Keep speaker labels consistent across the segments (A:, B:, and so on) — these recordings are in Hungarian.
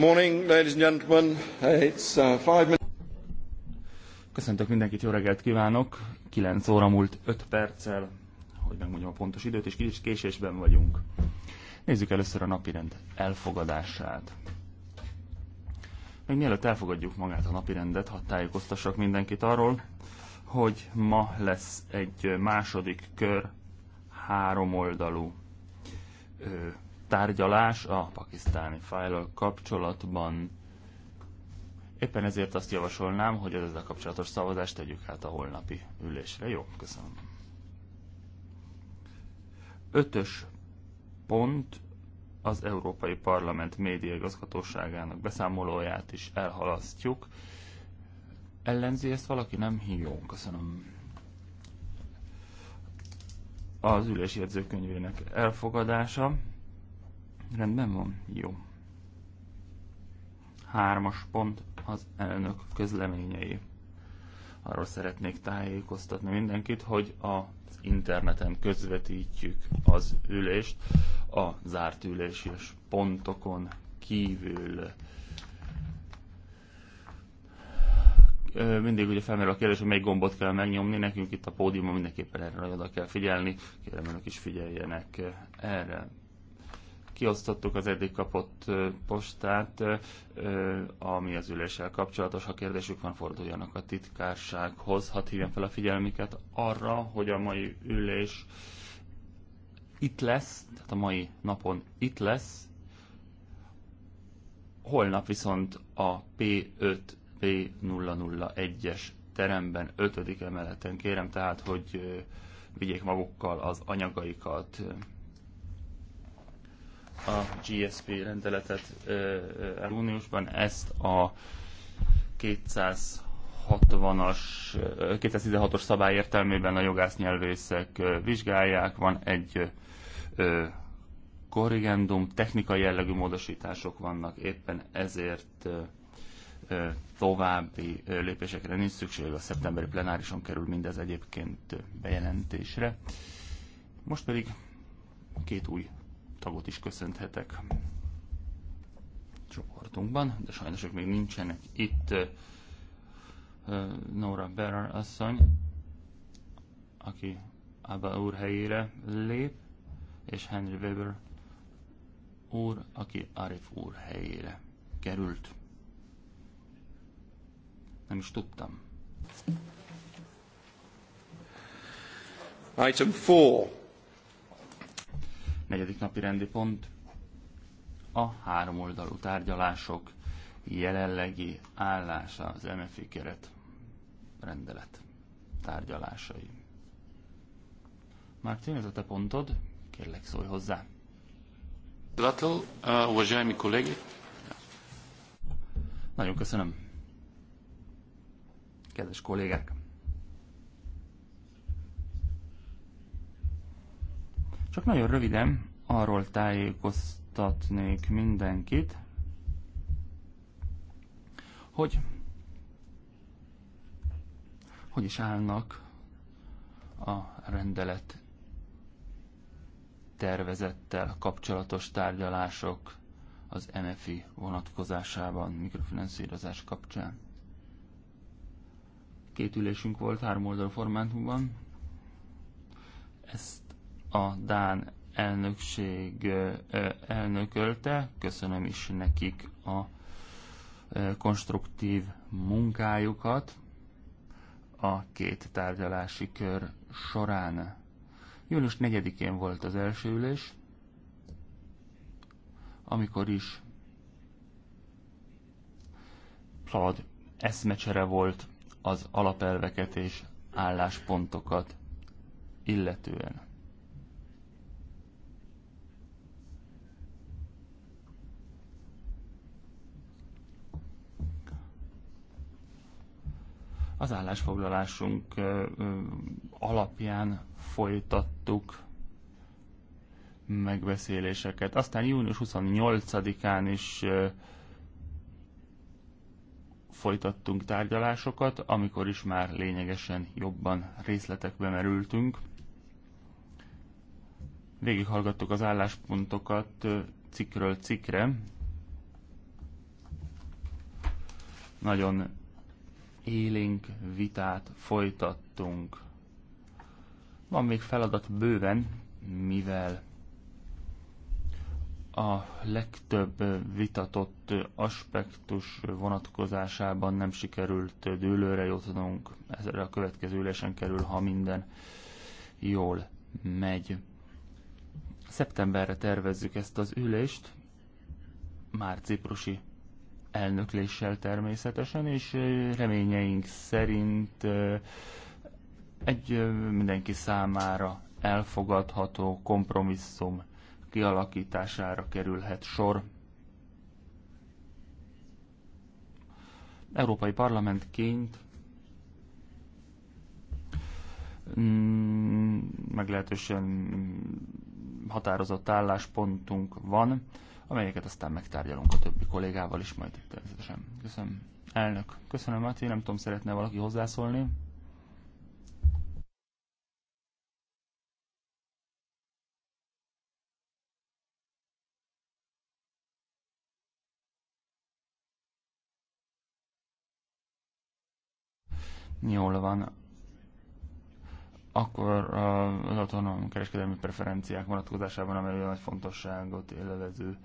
A: Morning, ladies and gentlemen. It's uh, five
B: Köszöntök mindenkit, jó reggelt kívánok! 9 óra múlt 5 perccel, hogy megmondjam a pontos időt, és kicsit késésben vagyunk. Nézzük először a napirend elfogadását. Még mielőtt elfogadjuk magát a napirendet, hadd tájékoztassak mindenkit arról, hogy ma lesz egy második kör háromoldalú tárgyalás a pakisztáni fájlal kapcsolatban. Éppen ezért azt javasolnám, hogy az ezzel kapcsolatos szavazást tegyük hát a holnapi ülésre. Jó, köszönöm. Ötös pont az Európai Parlament igazgatóságának beszámolóját is elhalasztjuk. Ellenzi ezt valaki? Nem? Jó, köszönöm. Az ülés jegyzőkönyvének elfogadása. Rendben van? Jó. Hármas pont az elnök közleményei. Arról szeretnék tájékoztatni mindenkit, hogy az interneten közvetítjük az ülést a zárt és pontokon kívül. mindig ugye felmerül a kérdés, hogy melyik gombot kell megnyomni, nekünk itt a pódiumon mindenképpen erre oda kell figyelni, kérem önök is figyeljenek erre kiosztottuk az eddig kapott postát, ami az üléssel kapcsolatos. Ha kérdésük van, forduljanak a titkársághoz. Hadd hívjam fel a figyelmüket arra, hogy a mai ülés itt lesz, tehát a mai napon itt lesz. Holnap viszont a P5B001-es teremben, 5. emeleten kérem tehát, hogy vigyék magukkal az anyagaikat a GSP rendeletet uh, uniósban, ezt a 260-as, 216-os szabály értelmében a jogásznyelvészek vizsgálják, van egy korrigendum, technikai jellegű módosítások vannak, éppen ezért további lépésekre nincs szükség, a szeptemberi plenárison kerül mindez egyébként bejelentésre. Most pedig két új tagot is köszönhetek csoportunkban, de sajnos ők még nincsenek itt. Nora Berrer asszony, aki Abba úr helyére lép, és Henry Weber úr, aki Arif úr helyére került. Nem is tudtam. Item 4. Negyedik napi rendi pont a háromoldalú tárgyalások jelenlegi állása az MFI keret rendelet tárgyalásai. Martin, ez a te pontod, kérlek szólj hozzá. Gratulál, uh, уважаемые kollégi. Nagyon köszönöm. Kedves kollégák! Csak nagyon röviden arról tájékoztatnék mindenkit, hogy hogy is állnak a rendelet tervezettel kapcsolatos tárgyalások az MFI vonatkozásában, mikrofinanszírozás kapcsán. Két ülésünk volt három oldal formátumban. Ezt a Dán elnökség elnökölte. Köszönöm is nekik a konstruktív munkájukat a két tárgyalási kör során. Június 4-én volt az első ülés, amikor is plad eszmecsere volt az alapelveket és álláspontokat illetően. Az állásfoglalásunk alapján folytattuk megbeszéléseket. Aztán június 28-án is folytattunk tárgyalásokat, amikor is már lényegesen jobban részletekbe merültünk. Végighallgattuk az álláspontokat cikről cikre. Nagyon élénk vitát folytattunk. Van még feladat bőven, mivel a legtöbb vitatott aspektus vonatkozásában nem sikerült dőlőre jutnunk. Ez a következő ülésen kerül, ha minden jól megy. Szeptemberre tervezzük ezt az ülést, már ciprusi elnökléssel természetesen, és reményeink szerint egy mindenki számára elfogadható kompromisszum kialakítására kerülhet sor. Európai Parlamentként mm, meglehetősen határozott álláspontunk van amelyeket aztán megtárgyalunk a többi kollégával is majd természetesen. Köszönöm. Elnök, köszönöm, Máté. Nem tudom, szeretne valaki hozzászólni? Jól van, akkor az autonóm kereskedelmi preferenciák vonatkozásában, amely egy nagy fontosságot élvező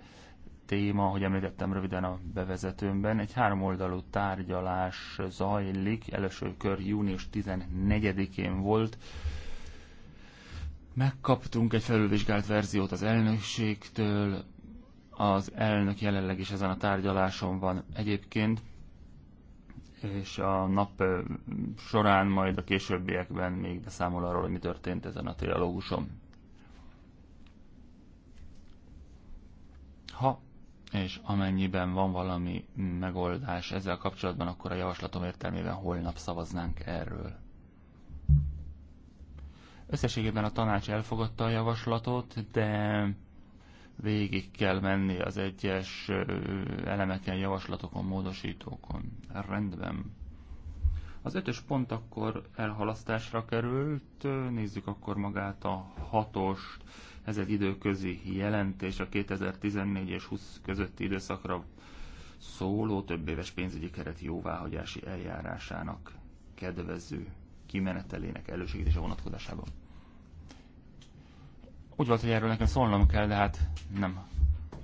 B: téma, hogy említettem röviden a bevezetőmben, egy háromoldalú tárgyalás zajlik, első kör június 14-én volt, Megkaptunk egy felülvizsgált verziót az elnökségtől, az elnök jelenleg is ezen a tárgyaláson van egyébként és a nap során, majd a későbbiekben még beszámol arról, hogy mi történt ezen a trialóguson. Ha és amennyiben van valami megoldás ezzel kapcsolatban, akkor a javaslatom értelmében holnap szavaznánk erről. Összességében a tanács elfogadta a javaslatot, de végig kell menni az egyes elemeken, javaslatokon, módosítókon. Rendben. Az ötös pont akkor elhalasztásra került, nézzük akkor magát a hatost. Ez egy időközi jelentés a 2014 és 20 közötti időszakra szóló többéves pénzügyi keret jóváhagyási eljárásának kedvező kimenetelének elősegítése vonatkozásában. Úgy volt, hogy erről nekem szólnom kell, de hát nem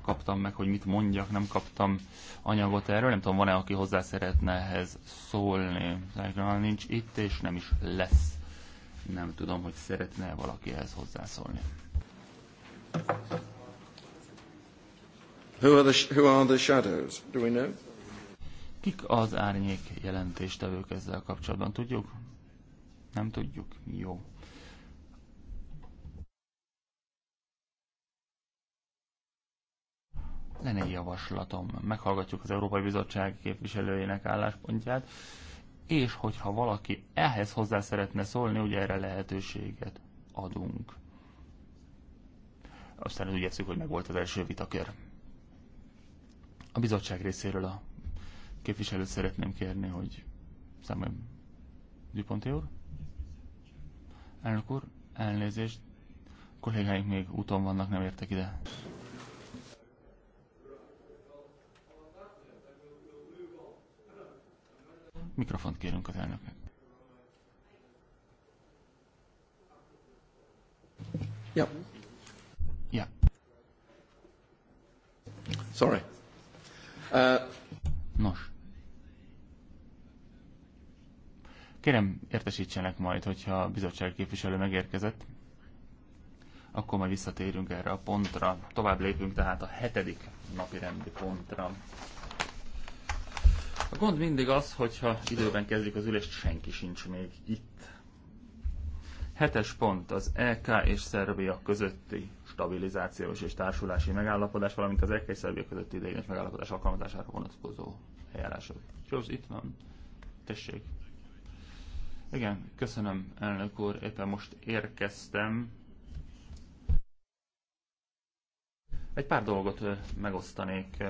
B: kaptam meg, hogy mit mondjak, nem kaptam anyagot erről. Nem tudom, van-e, aki hozzá szeretne ehhez szólni. Zájkran nincs itt, és nem is lesz. Nem tudom, hogy szeretne -e valaki ehhez hozzászólni.
A: Who are, the, who are the shadows? Do we know?
B: Kik az árnyék jelentéstevők ezzel kapcsolatban? Tudjuk? Nem tudjuk? Jó. Lenne egy javaslatom. Meghallgatjuk az Európai Bizottság képviselőjének álláspontját, és hogyha valaki ehhez hozzá szeretne szólni, ugye erre lehetőséget adunk. Aztán úgy érszük, hogy meg volt az első vitakör. A bizottság részéről a képviselőt szeretném kérni, hogy számoljon. Dupont úr? Elnök úr, elnézést. Kollégáink még úton vannak, nem értek ide. Mikrofont kérünk az elnöknek. Ja. Ja. Sorry. Uh... Nos. Kérem, értesítsenek majd, hogyha a bizottság képviselő megérkezett, akkor majd visszatérünk erre a pontra. Tovább lépünk tehát a hetedik napi rendi pontra. A gond mindig az, hogyha időben kezdik az ülést, senki sincs még itt. Hetes pont az EK és Szerbia közötti stabilizációs és társulási megállapodás, valamint az EK és Szerbia közötti ideiglenes megállapodás alkalmazására vonatkozó eljárások. Jones itt van. Tessék. Igen, köszönöm, elnök úr. Éppen most érkeztem. Egy pár dolgot megosztanék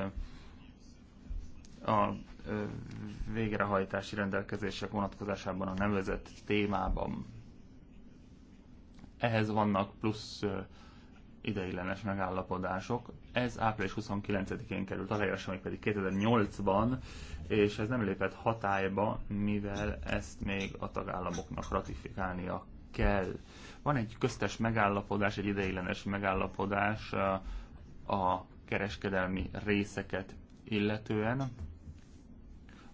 B: a végrehajtási rendelkezések vonatkozásában a nevezett témában. Ehhez vannak plusz ideiglenes megállapodások. Ez április 29-én került aláírásra, még pedig 2008-ban, és ez nem lépett hatályba, mivel ezt még a tagállamoknak ratifikálnia kell. Van egy köztes megállapodás, egy ideiglenes megállapodás a kereskedelmi részeket illetően,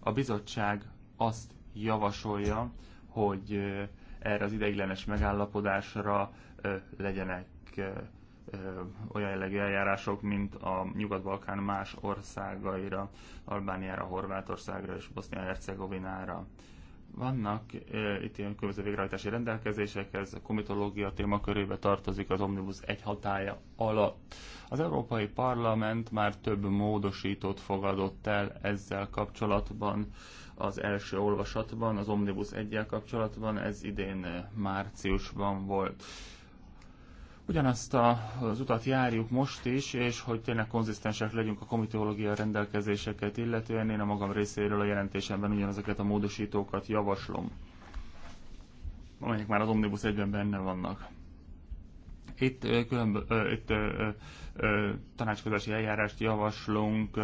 B: a bizottság azt javasolja, hogy erre az ideiglenes megállapodásra legyenek olyan jellegű eljárások, mint a Nyugat-Balkán más országaira, Albániára, Horvátországra és Bosznia-Hercegovinára. Vannak e, itt ilyen különböző végrehajtási rendelkezések, ez a komitológia témakörébe tartozik az Omnibus egy hatája alatt. Az Európai Parlament már több módosítót fogadott el ezzel kapcsolatban az első olvasatban, az Omnibus egyel kapcsolatban, ez idén márciusban volt. Ugyanazt a, az utat járjuk most is, és hogy tényleg konzisztensek legyünk a komitológia rendelkezéseket illetően, én a magam részéről a jelentésemben ugyanezeket a módosítókat javaslom, amelyek már az Omnibus egyben benne vannak. Itt, különb, itt tanácskozási eljárást javaslunk,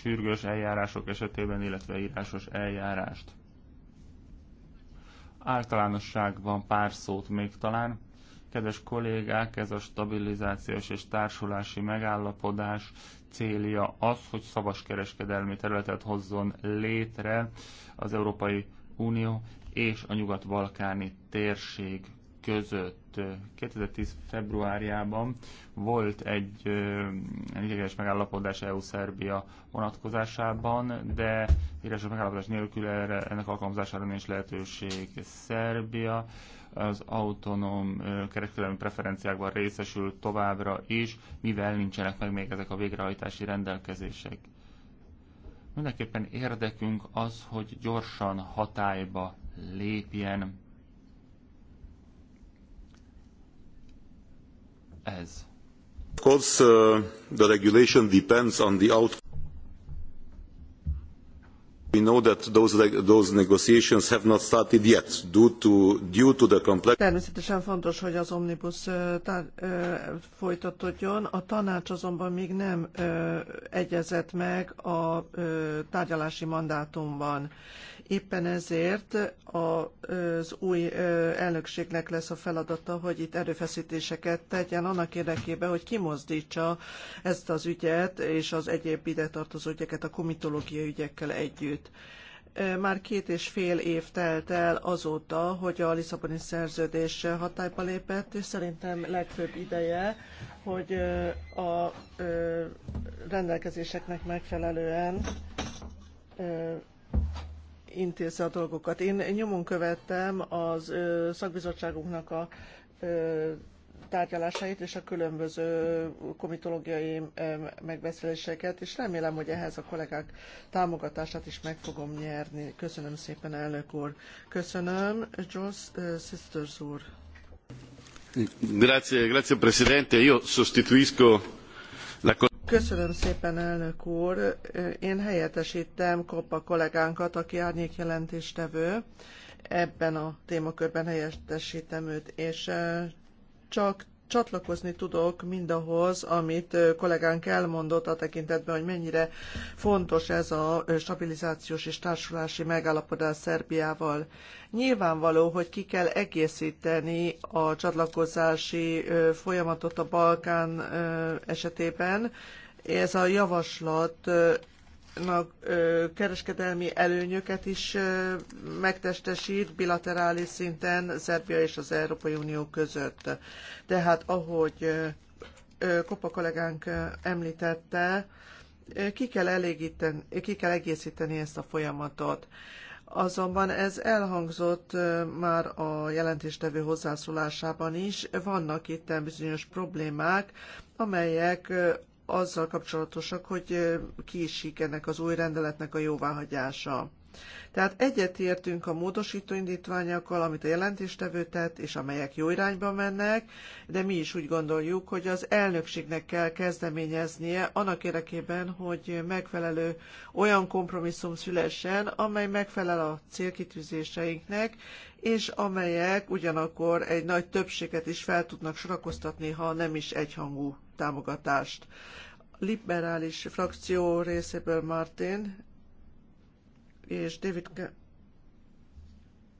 B: sürgős eljárások esetében, illetve írásos eljárást. Általánosságban pár szót még talán. Kedves kollégák, ez a stabilizációs és társulási megállapodás célja az, hogy szabas kereskedelmi területet hozzon létre az Európai Unió és a nyugat-balkáni térség között. 2010. februárjában volt egy egyébként megállapodás EU-Szerbia vonatkozásában, de írásos megállapodás nélkül erre, ennek alkalmazására nincs lehetőség. Szerbia az autonóm kereskedelmi preferenciákban részesül továbbra is, mivel nincsenek meg még ezek a végrehajtási rendelkezések. Mindenképpen érdekünk az, hogy gyorsan hatályba lépjen ez. Of course, uh, the regulation depends on the outcome.
A: Természetesen fontos, hogy az omnibus folytatódjon. A tanács azonban még nem egyezett meg a tárgyalási mandátumban. Éppen ezért az új elnökségnek lesz a feladata, hogy itt erőfeszítéseket tegyen annak érdekében, hogy kimozdítsa ezt az ügyet és az egyéb ide tartozó ügyeket a komitológiai ügyekkel együtt már két és fél év telt el azóta, hogy a Lisszaboni szerződés hatályba lépett, és szerintem legfőbb ideje, hogy a rendelkezéseknek megfelelően intézze a dolgokat. Én nyomon követtem az szakbizottságunknak a tárgyalásait és a különböző komitológiai megbeszéléseket, és remélem, hogy ehhez a kollégák támogatását is meg fogom nyerni. Köszönöm szépen, elnök úr. Köszönöm, Joss Sisters úr.
B: Grazie, grazie Presidente.
C: Io sostituisco la
A: Köszönöm szépen, elnök úr. Én helyettesítem Koppa kollégánkat, aki árnyék jelentéstevő. Ebben a témakörben helyettesítem őt, és csak csatlakozni tudok mindahhoz, amit kollégánk elmondott a tekintetben, hogy mennyire fontos ez a stabilizációs és társulási megállapodás Szerbiával. Nyilvánvaló, hogy ki kell egészíteni a csatlakozási folyamatot a Balkán esetében. Ez a javaslat kereskedelmi előnyöket is megtestesít bilaterális szinten Szerbia és az Európai Unió között. Tehát ahogy Kopa kollégánk említette, ki kell, elégíteni, ki kell egészíteni ezt a folyamatot. Azonban ez elhangzott már a jelentéstevő hozzászólásában is, vannak itt bizonyos problémák, amelyek azzal kapcsolatosak, hogy kiesik ennek az új rendeletnek a jóváhagyása. Tehát egyetértünk a módosító indítványokkal, amit a jelentéstevő tett, és amelyek jó irányba mennek, de mi is úgy gondoljuk, hogy az elnökségnek kell kezdeményeznie annak érdekében, hogy megfelelő olyan kompromisszum szülessen, amely megfelel a célkitűzéseinknek, és amelyek ugyanakkor egy nagy többséget is fel tudnak sorakoztatni, ha nem is egyhangú támogatást liberális frakció részéből Martin és David Ka-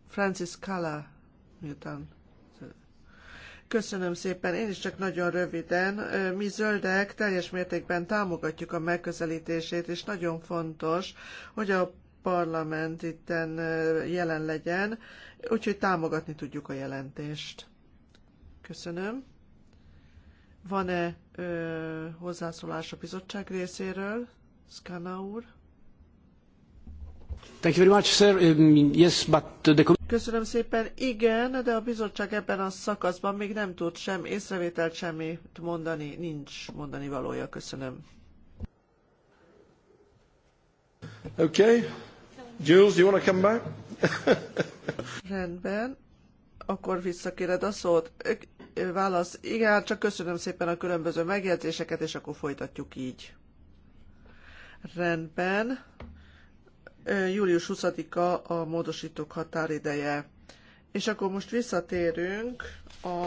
A: Francis Kala miután. Köszönöm szépen, én is csak nagyon röviden. Mi zöldek teljes mértékben támogatjuk a megközelítését, és nagyon fontos, hogy a parlament itten jelen legyen, úgyhogy támogatni tudjuk a jelentést. Köszönöm. Van-e hozzászólás a bizottság részéről? Szkana úr? Köszönöm szépen. Igen, de a bizottság ebben a szakaszban még nem tud sem észrevételt, semmit mondani. Nincs mondani valója. Köszönöm. Okay. Jules, you want to come back? Rendben. Akkor visszakéred a szót. Válasz. Igen, hát csak köszönöm szépen a különböző megjegyzéseket, és akkor folytatjuk így. Rendben július 20-a a módosítók határideje. És akkor most visszatérünk a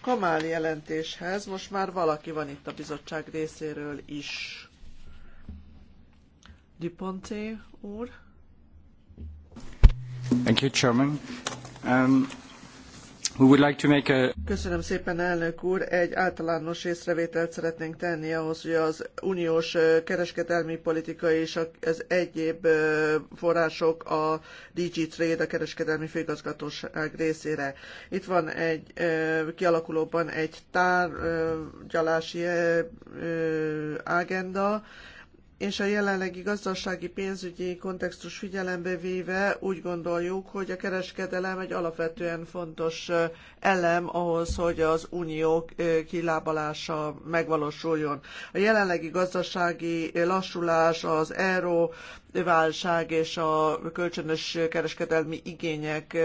A: Kamál jelentéshez. Most már valaki van itt a bizottság részéről is. Duponté úr. Thank you,
B: Chairman. Um,
A: Köszönöm szépen, elnök úr. Egy általános észrevételt szeretnénk tenni ahhoz, hogy az uniós kereskedelmi politika és az egyéb források a DG Trade, a kereskedelmi főigazgatóság részére. Itt van egy kialakulóban egy tárgyalási agenda, és a jelenlegi gazdasági pénzügyi kontextus figyelembe véve úgy gondoljuk, hogy a kereskedelem egy alapvetően fontos elem ahhoz, hogy az unió kilábalása megvalósuljon. A jelenlegi gazdasági lassulás, az euró válság és a kölcsönös kereskedelmi igények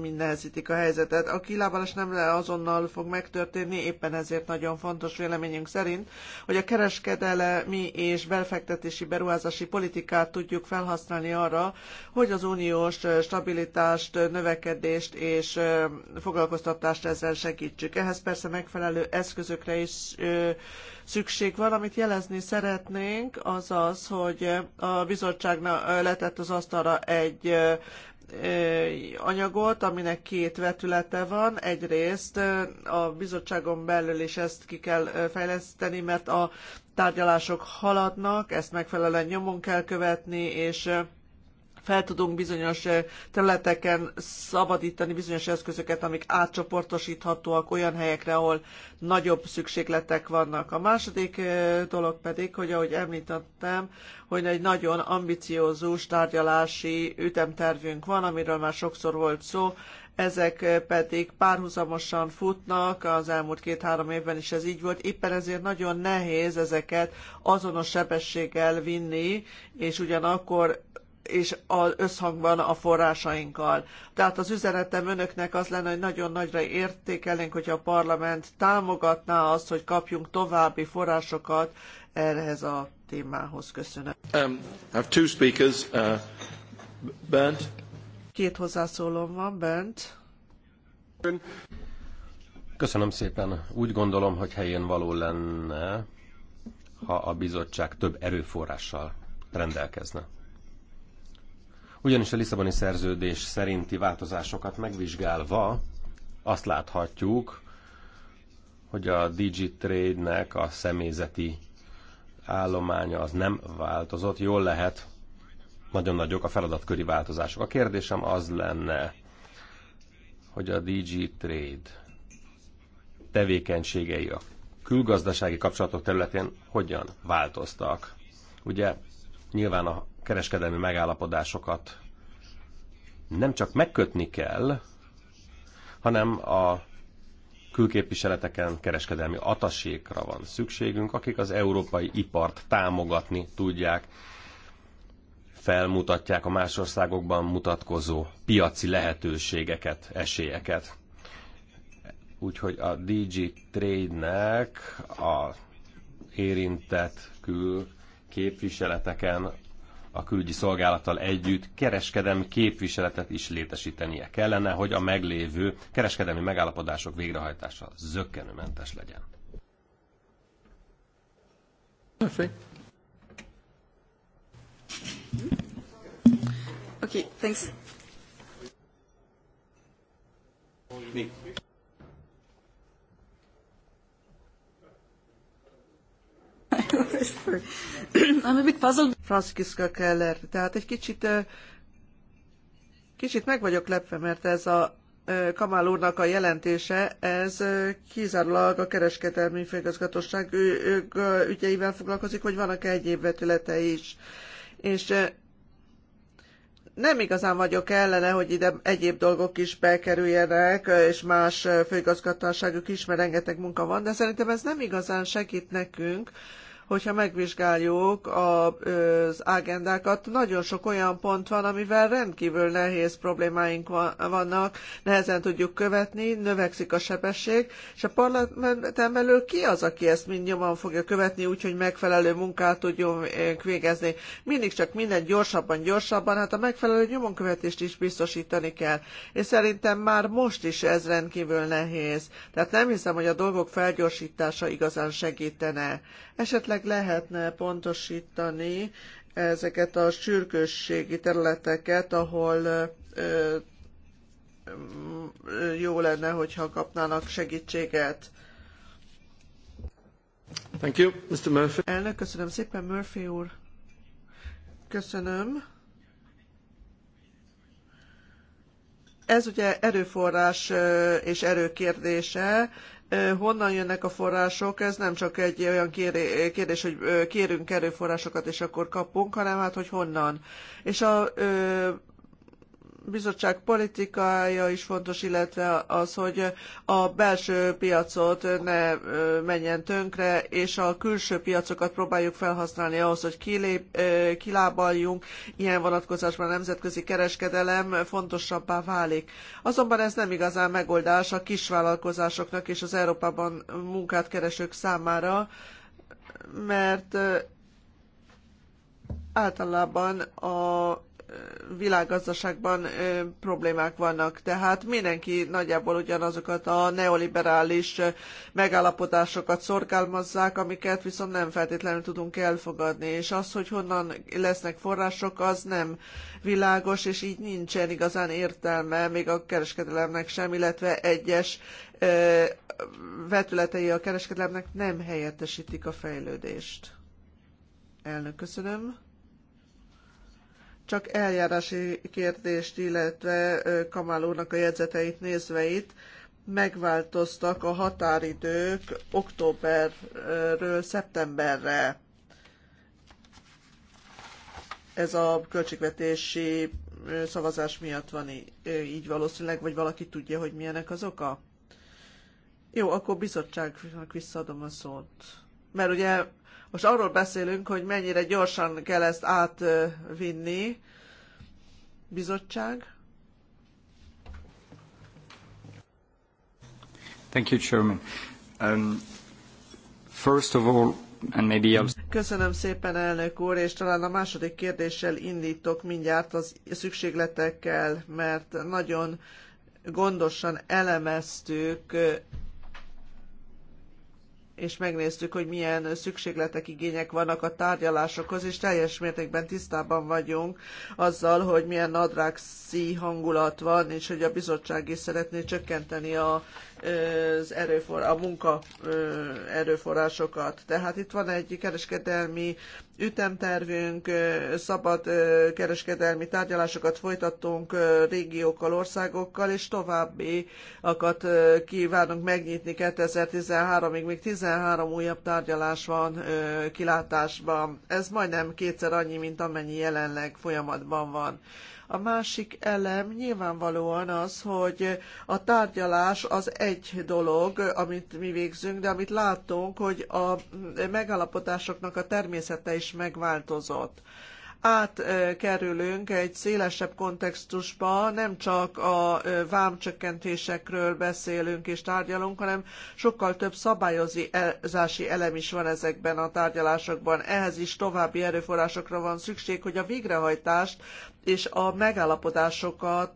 A: mind nehezítik a helyzetet. A kilábalás nem le azonnal fog megtörténni, éppen ezért nagyon fontos véleményünk szerint, hogy a kereskedelmi és befektetési beruházási politikát tudjuk felhasználni arra, hogy az uniós stabilitást, növekedést és foglalkoztatást ezzel segítsük. Ehhez persze megfelelő eszközökre is szükség van. Amit jelezni szeretnénk, az az, hogy a bizottság letett az asztalra egy anyagot, aminek két vetülete van. Egyrészt a bizottságon belül is ezt ki kell fejleszteni, mert a tárgyalások haladnak, ezt megfelelően nyomon kell követni, és fel tudunk bizonyos eh, területeken szabadítani bizonyos eszközöket, amik átcsoportosíthatóak olyan helyekre, ahol nagyobb szükségletek vannak. A második eh, dolog pedig, hogy ahogy említettem, hogy egy nagyon ambiciózus tárgyalási ütemtervünk van, amiről már sokszor volt szó, ezek eh, pedig párhuzamosan futnak, az elmúlt két-három évben is ez így volt, éppen ezért nagyon nehéz ezeket azonos sebességgel vinni, és ugyanakkor és az összhangban a forrásainkkal. Tehát az üzenetem önöknek az lenne, hogy nagyon nagyra értékelnénk, hogyha a parlament támogatná azt, hogy kapjunk további forrásokat ehhez a témához. Köszönöm.
C: Um, have two speakers, uh, Bernd.
A: Két hozzászólom van, Bent.
C: Köszönöm szépen. Úgy gondolom, hogy helyén való lenne, ha a bizottság több erőforrással rendelkezne. Ugyanis a Lisszaboni szerződés szerinti változásokat megvizsgálva azt láthatjuk, hogy a Digitrade-nek a személyzeti állománya az nem változott. Jól lehet, nagyon nagyok a feladatköri változások. A kérdésem az lenne, hogy a Digitrade tevékenységei a külgazdasági kapcsolatok területén hogyan változtak. Ugye nyilván a kereskedelmi megállapodásokat nem csak megkötni kell, hanem a külképviseleteken kereskedelmi atasékra van szükségünk, akik az európai ipart támogatni tudják, felmutatják a más országokban mutatkozó piaci lehetőségeket, esélyeket. Úgyhogy a DG Trade-nek a érintett kül képviseleteken a külügyi szolgálattal együtt kereskedelmi képviseletet is létesítenie kellene, hogy a meglévő kereskedelmi megállapodások végrehajtása zöggenőmentes legyen.
A: Okay, thanks. Me. I'm a puzzled. Franciszka Keller, tehát egy kicsit, kicsit meg vagyok lepve, mert ez a Kamál úrnak a jelentése, ez kizárólag a kereskedelmi főigazgatóság ő, ők ügyeivel foglalkozik, hogy vannak -e egyéb vetülete is. És nem igazán vagyok ellene, hogy ide egyéb dolgok is bekerüljenek, és más főigazgatásságuk is, mert rengeteg munka van, de szerintem ez nem igazán segít nekünk, hogyha megvizsgáljuk az agendákat, nagyon sok olyan pont van, amivel rendkívül nehéz problémáink vannak, nehezen tudjuk követni, növekszik a sebesség, és a parlamenten belül ki az, aki ezt mind nyomon fogja követni, úgyhogy megfelelő munkát tudjunk végezni. Mindig csak minden gyorsabban, gyorsabban, hát a megfelelő nyomonkövetést is biztosítani kell. És szerintem már most is ez rendkívül nehéz. Tehát nem hiszem, hogy a dolgok felgyorsítása igazán segítene. Esetleg esetleg lehetne pontosítani ezeket a sürgősségi területeket, ahol ö, jó lenne, hogyha kapnának segítséget. Thank you, Mr. Murphy. Elnök, köszönöm szépen, Murphy úr. Köszönöm. Ez ugye erőforrás és erő kérdése honnan jönnek a források, ez nem csak egy olyan kérdés, hogy kérünk erőforrásokat, és akkor kapunk, hanem hát, hogy honnan. És a bizottság politikája is fontos, illetve az, hogy a belső piacot ne menjen tönkre, és a külső piacokat próbáljuk felhasználni ahhoz, hogy kilép, kilábaljunk. Ilyen vonatkozásban a nemzetközi kereskedelem fontosabbá válik. Azonban ez nem igazán megoldás a kisvállalkozásoknak és az Európában munkát keresők számára, mert általában a világgazdaságban problémák vannak. Tehát mindenki nagyjából ugyanazokat a neoliberális megállapodásokat szorgalmazzák, amiket viszont nem feltétlenül tudunk elfogadni. És az, hogy honnan lesznek források, az nem világos, és így nincsen igazán értelme még a kereskedelemnek sem, illetve egyes vetületei a kereskedelemnek nem helyettesítik a fejlődést. Elnök, köszönöm csak eljárási kérdést, illetve Kamál úrnak a jegyzeteit nézve itt, megváltoztak a határidők októberről szeptemberre. Ez a költségvetési szavazás miatt van így valószínűleg, vagy valaki tudja, hogy milyenek az oka? Jó, akkor bizottságnak visszaadom a szót. Mert ugye most arról beszélünk, hogy mennyire gyorsan kell ezt átvinni. Bizottság?
C: Thank you, Chairman. Um, first of all, and maybe I'll...
A: Köszönöm szépen, elnök úr, és talán a második kérdéssel indítok mindjárt az szükségletekkel, mert nagyon gondosan elemeztük és megnéztük, hogy milyen szükségletek, igények vannak a tárgyalásokhoz, és teljes mértékben tisztában vagyunk azzal, hogy milyen nadrágszi hangulat van, és hogy a bizottság is szeretné csökkenteni a az erőfor, a munka erőforrásokat. Tehát itt van egy kereskedelmi ütemtervünk, szabad kereskedelmi tárgyalásokat folytattunk régiókkal, országokkal, és továbbiakat kívánunk megnyitni 2013-ig, még 13 újabb tárgyalás van kilátásban. Ez majdnem kétszer annyi, mint amennyi jelenleg folyamatban van. A másik elem nyilvánvalóan az, hogy a tárgyalás az egy dolog, amit mi végzünk, de amit látunk, hogy a megállapodásoknak a természete is megváltozott átkerülünk egy szélesebb kontextusba, nem csak a vámcsökkentésekről beszélünk és tárgyalunk, hanem sokkal több szabályozási elem is van ezekben a tárgyalásokban. Ehhez is további erőforrásokra van szükség, hogy a végrehajtást és a megállapodásokat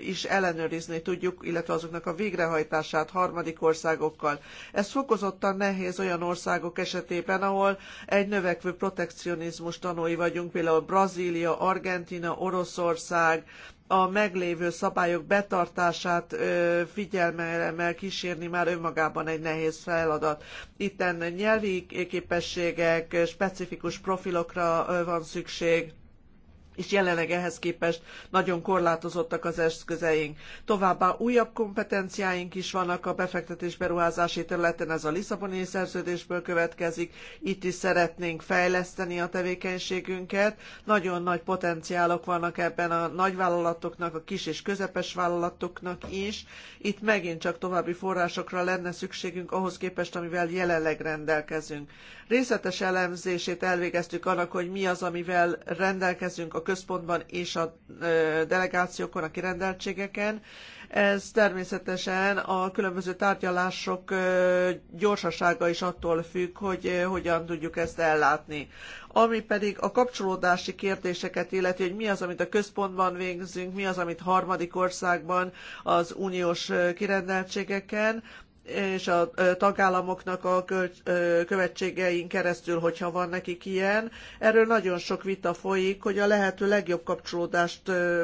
A: is ellenőrizni tudjuk, illetve azoknak a végrehajtását harmadik országokkal. Ez fokozottan nehéz olyan országok esetében, ahol egy növekvő protekcionizmus tanúi vagyunk, például Brazília, Argentina, Oroszország, a meglévő szabályok betartását figyelmemmel kísérni már önmagában egy nehéz feladat. Itten nyelvi képességek, specifikus profilokra van szükség és jelenleg ehhez képest nagyon korlátozottak az eszközeink. Továbbá újabb kompetenciáink is vannak a befektetés beruházási területen, ez a Lisszaboni szerződésből következik, itt is szeretnénk fejleszteni a tevékenységünket. Nagyon nagy potenciálok vannak ebben a nagyvállalatoknak, a kis és közepes vállalatoknak is. Itt megint csak további forrásokra lenne szükségünk ahhoz képest, amivel jelenleg rendelkezünk. Részletes elemzését elvégeztük annak, hogy mi az, amivel rendelkezünk a központban és a delegációkon, a kirendeltségeken. Ez természetesen a különböző tárgyalások gyorsasága is attól függ, hogy hogyan tudjuk ezt ellátni. Ami pedig a kapcsolódási kérdéseket illeti, hogy mi az, amit a központban végzünk, mi az, amit harmadik országban az uniós kirendeltségeken, és a tagállamoknak a követségein keresztül, hogyha van nekik ilyen. Erről nagyon sok vita folyik, hogy a lehető legjobb kapcsolódást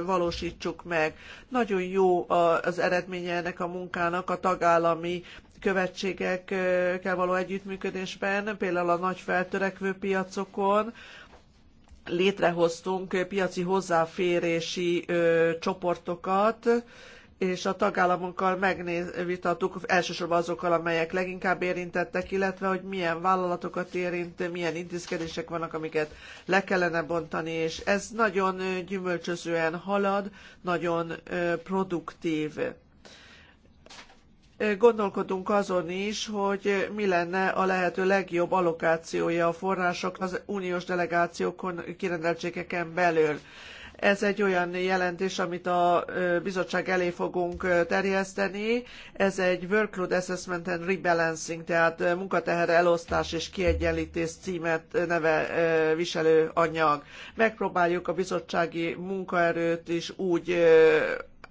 A: valósítsuk meg. Nagyon jó az eredménye ennek a munkának a tagállami követségekkel való együttműködésben, például a nagy feltörekvő piacokon, létrehoztunk piaci hozzáférési csoportokat, és a tagállamokkal megvitattuk, elsősorban azokkal, amelyek leginkább érintettek, illetve hogy milyen vállalatokat érint, milyen intézkedések vannak, amiket le kellene bontani, és ez nagyon gyümölcsözően halad, nagyon produktív. Gondolkodunk azon is, hogy mi lenne a lehető legjobb allokációja a források az uniós delegációkon, kirendeltségeken belül ez egy olyan jelentés, amit a bizottság elé fogunk terjeszteni. Ez egy Workload Assessment and Rebalancing, tehát munkateher elosztás és kiegyenlítés címet neve viselő anyag. Megpróbáljuk a bizottsági munkaerőt is úgy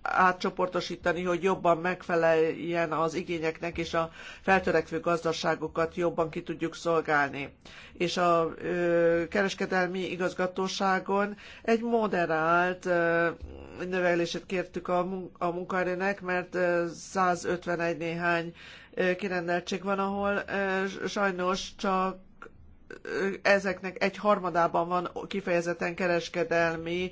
A: átcsoportosítani, hogy jobban megfeleljen az igényeknek, és a feltörekvő gazdaságokat jobban ki tudjuk szolgálni. És a kereskedelmi igazgatóságon egy moderált növelését kértük a, a munkaerőnek, mert 151 néhány kirendeltség van, ahol sajnos csak ezeknek egy harmadában van kifejezetten kereskedelmi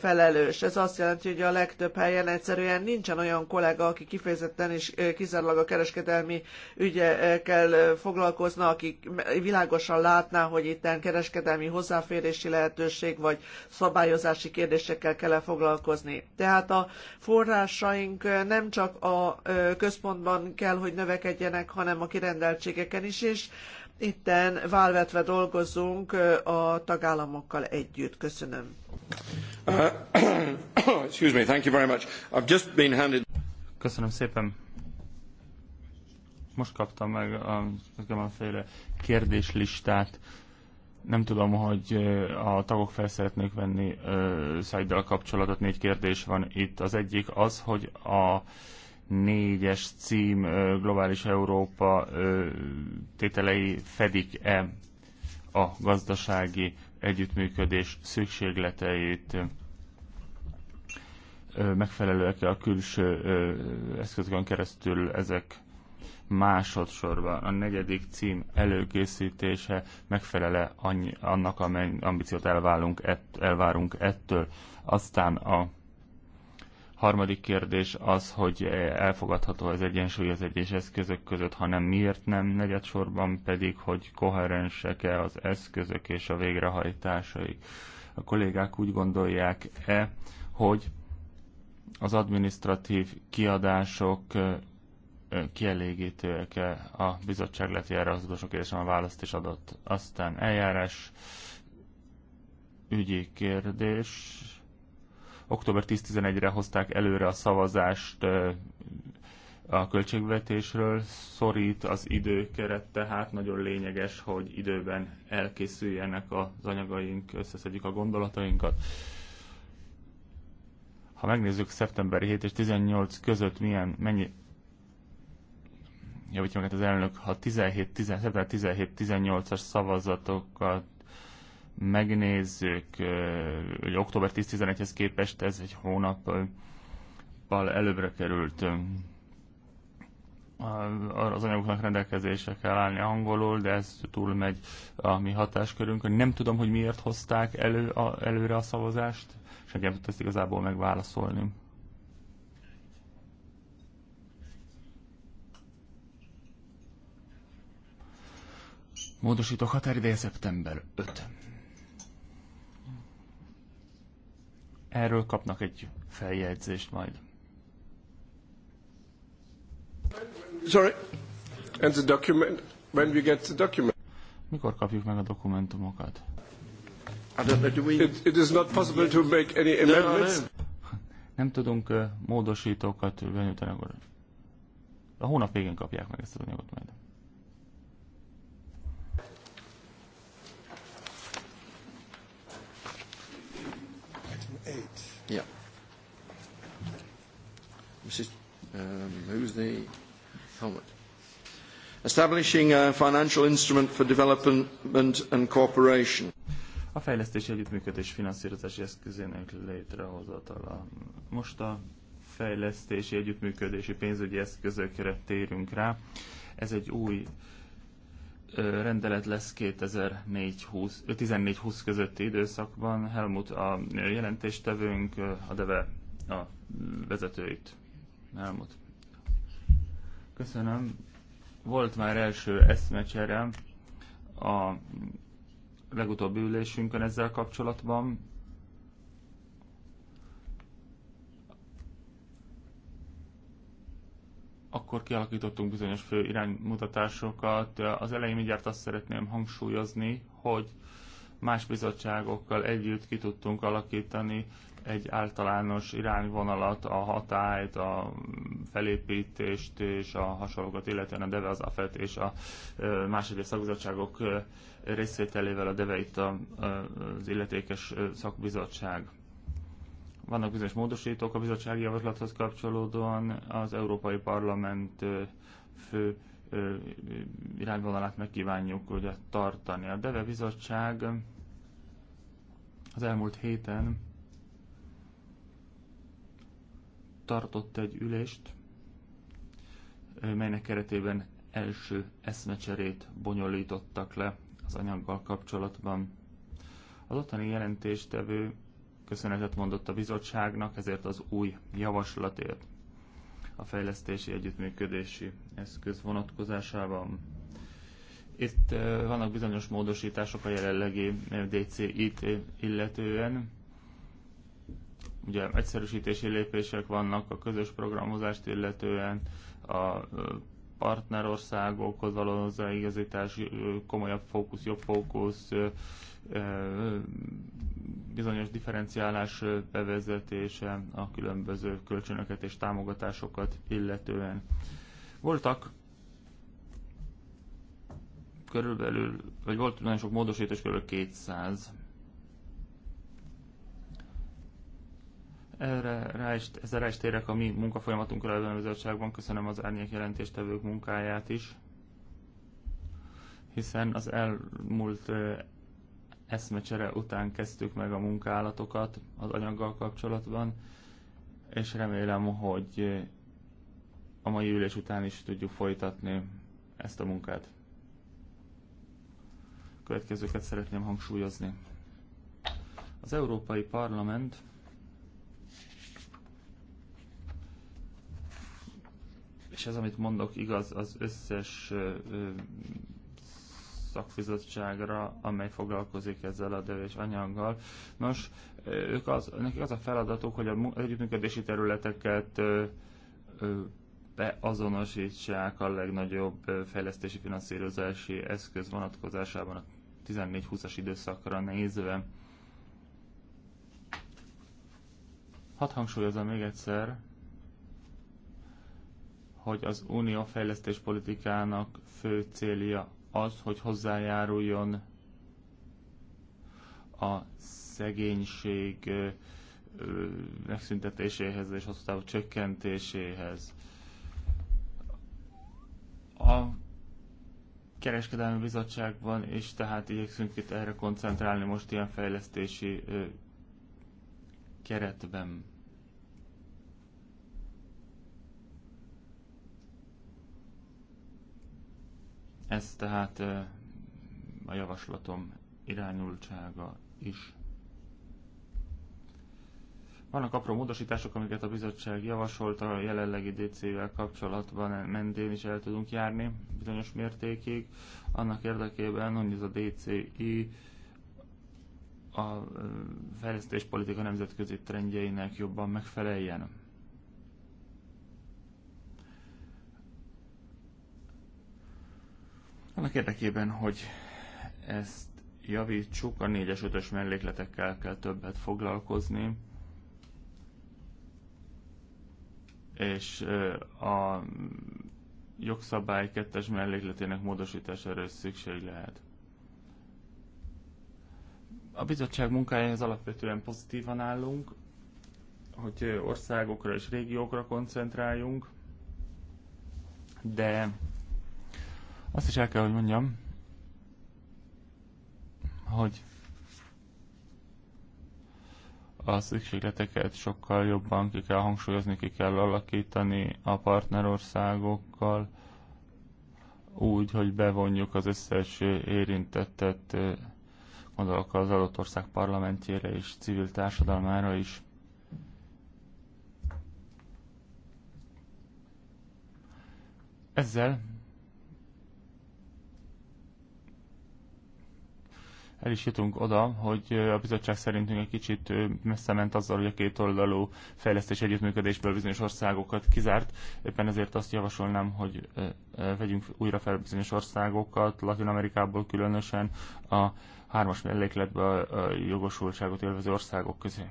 A: felelős. Ez azt jelenti, hogy a legtöbb helyen egyszerűen nincsen olyan kollega, aki kifejezetten és kizárólag a kereskedelmi ügyekkel foglalkozna, aki világosan látná, hogy itt kereskedelmi hozzáférési lehetőség vagy szabályozási kérdésekkel kell -e foglalkozni. Tehát a forrásaink nem csak a központban kell, hogy növekedjenek, hanem a kirendeltségeken is, és itten válvetve dolgozzunk a tagállamokkal együtt. Köszönöm. Uh, excuse me, thank you very much. I've just been handed...
B: Köszönöm szépen. Most kaptam meg a, a féle kérdéslistát. Nem tudom, hogy a tagok fel szeretnék venni szájddal kapcsolatot. Négy kérdés van itt. Az egyik az, hogy a négyes cím Globális Európa tételei fedik-e a gazdasági együttműködés szükségleteit, megfelelőek-e a külső eszközön keresztül ezek másodszorban a negyedik cím előkészítése megfelele annak, amely ambíciót elvárunk ettől. Aztán a Harmadik kérdés az, hogy elfogadható az egyensúly az egyes eszközök között, hanem miért nem, negyedsorban pedig, hogy koherensek-e az eszközök és a végrehajtásai. A kollégák úgy gondolják-e, hogy az administratív kiadások kielégítőek-e a bizottság leti erre az utolsó kérdésem a választ is adott. Aztán eljárás ügyi kérdés Október 10-11-re hozták előre a szavazást a költségvetésről. Szorít az időkeret, tehát nagyon lényeges, hogy időben elkészüljenek az anyagaink, összeszedjük a gondolatainkat ha megnézzük szeptember 7 és 18 között milyen, mennyi javítja meg az elnök, ha 17, 17, szeptember 17-18-as szavazatokat megnézzük, hogy október 10-11-hez képest ez egy hónappal előbbre került az anyagoknak rendelkezése kell állni angolul, de ez túlmegy a mi hatáskörünkön. Nem tudom, hogy miért hozták elő a, előre a szavazást, és engem ezt igazából megválaszolni. Módosítok határideje szeptember 5. Erről kapnak egy feljegyzést majd.
A: Sorry. And the document, when we get the document.
B: Mikor kapjuk meg a dokumentumokat?
A: It, it is not possible to make any amendments.
B: Nem tudunk módosítókat benyújtani, a hónap végén kapják meg ezt az anyagot majd.
A: Yeah. Mrs. Um, who's the helmet? Establishing a financial instrument for development and cooperation. A fejlesztési
B: együttműködés finanszírozási eszközének létrehozatala. Most a fejlesztési együttműködési pénzügyi eszközökre térünk rá. Ez egy új uh, rendelet lesz 2014-20 közötti időszakban. Helmut a jelentéstevőnk, a Deve a vezetőit. Helmut. Köszönöm. Volt már első eszmecsere a legutóbbi ülésünkön ezzel kapcsolatban. akkor kialakítottunk bizonyos fő iránymutatásokat. Az elején mindjárt azt szeretném hangsúlyozni, hogy más bizottságokkal együtt ki tudtunk alakítani egy általános irányvonalat, a hatályt, a felépítést és a hasonlókat, illetően a DEVE, az AFET és a más egyes szakbizottságok részvételével a DEVE itt az illetékes szakbizottság vannak bizonyos módosítók a bizottsági javaslathoz kapcsolódóan, az Európai Parlament fő irányvonalát megkívánjuk ugye, tartani. A DEVE bizottság az elmúlt héten tartott egy ülést, melynek keretében első eszmecserét bonyolítottak le az anyaggal kapcsolatban. Az ottani jelentéstevő köszönetet mondott a bizottságnak ezért az új javaslatért a fejlesztési együttműködési eszköz vonatkozásában. Itt vannak bizonyos módosítások a jelenlegi DCI-t illetően. Ugye egyszerűsítési lépések vannak a közös programozást illetően, a partnerországokhoz való hozzáigazítás, komolyabb fókusz, jobb fókusz, bizonyos differenciálás bevezetése a különböző kölcsönöket és támogatásokat illetően. Voltak körülbelül, vagy volt nagyon sok módosítás, körülbelül 200 Erre rá is, ezzel rá is térek a mi munkafolyamatunkra ebben a bizottságban. Köszönöm az árnyék jelentéstevők munkáját is, hiszen az elmúlt eszmecsere után kezdtük meg a munkálatokat az anyaggal kapcsolatban, és remélem, hogy a mai ülés után is tudjuk folytatni ezt a munkát. Következőket szeretném hangsúlyozni. Az Európai Parlament és ez, amit mondok, igaz az összes szakfizottságra, amely foglalkozik ezzel a dövés anyaggal. Nos, ők az, nekik az a feladatuk, hogy a együttműködési területeket beazonosítsák a legnagyobb fejlesztési finanszírozási eszköz vonatkozásában a 14-20-as időszakra nézve. Hadd hangsúlyozom még egyszer, hogy az unió fejlesztéspolitikának fő célja az, hogy hozzájáruljon a szegénység megszüntetéséhez és hosszú távú csökkentéséhez. A kereskedelmi bizottságban, és tehát igyekszünk itt erre koncentrálni most ilyen fejlesztési keretben. Ez tehát a javaslatom irányultsága is. Vannak apró módosítások, amiket a bizottság javasolt a jelenlegi DC-vel kapcsolatban, mentén is el tudunk járni bizonyos mértékig, annak érdekében, hogy ez a DCI a fejlesztéspolitika nemzetközi trendjeinek jobban megfeleljen. Annak érdekében, hogy ezt javítsuk, a 4-es, 5-ös mellékletekkel kell többet foglalkozni, és a jogszabály 2-es mellékletének módosítására is szükség lehet. A bizottság munkájához alapvetően pozitívan állunk, hogy országokra és régiókra koncentráljunk, de azt is el kell, hogy mondjam, hogy a szükségleteket sokkal jobban ki kell hangsúlyozni, ki kell alakítani a partnerországokkal, úgy, hogy bevonjuk az összes érintettet, eh, gondolok az adott ország parlamentjére és civil társadalmára is. Ezzel el is jutunk oda, hogy a bizottság szerintünk egy kicsit messze ment azzal, hogy a két oldalú fejlesztés együttműködésből bizonyos országokat kizárt. Éppen ezért azt javasolnám, hogy vegyünk újra fel bizonyos országokat, Latin Amerikából különösen a hármas mellékletben a jogosultságot élvező országok közé.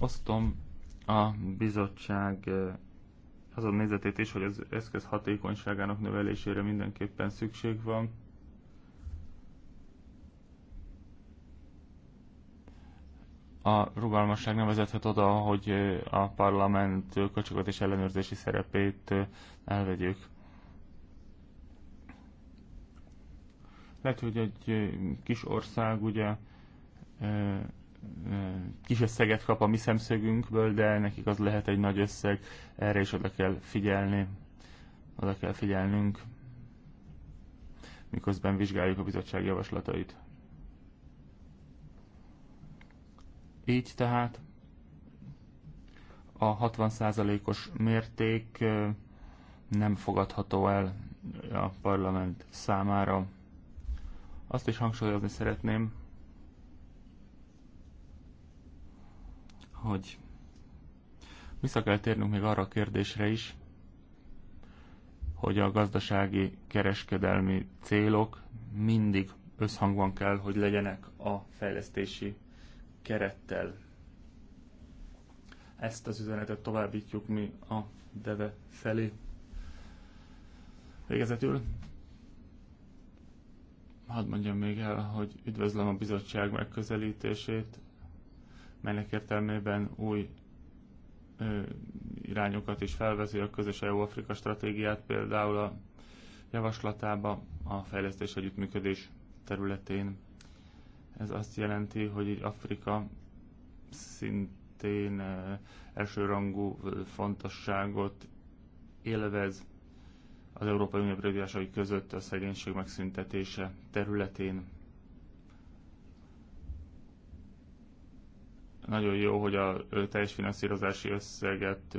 B: Osztom a bizottság azon nézetét is, hogy az eszköz hatékonyságának növelésére mindenképpen szükség van. A rugalmasság nem vezethet oda, hogy a parlament és ellenőrzési szerepét elvegyük. Lehet, hogy egy kis ország ugye kis összeget kap a mi szemszögünkből, de nekik az lehet egy nagy összeg, erre is oda kell figyelni, oda kell figyelnünk, miközben vizsgáljuk a bizottság javaslatait. Így tehát a 60%-os mérték nem fogadható el a parlament számára. Azt is hangsúlyozni szeretném, hogy vissza kell térnünk még arra a kérdésre is, hogy a gazdasági, kereskedelmi célok mindig összhangban kell, hogy legyenek a fejlesztési kerettel. Ezt az üzenetet továbbítjuk mi a DEVE felé. Végezetül hadd mondjam még el, hogy üdvözlöm a bizottság megközelítését, melynek értelmében új ö, irányokat is felvezi a közös EU-Afrika stratégiát, például a javaslatába a fejlesztés együttműködés területén. Ez azt jelenti, hogy így Afrika szintén ö, elsőrangú ö, fontosságot élvez az Európai Unió prioritásai között a szegénység megszüntetése területén Nagyon jó, hogy a teljes finanszírozási összeget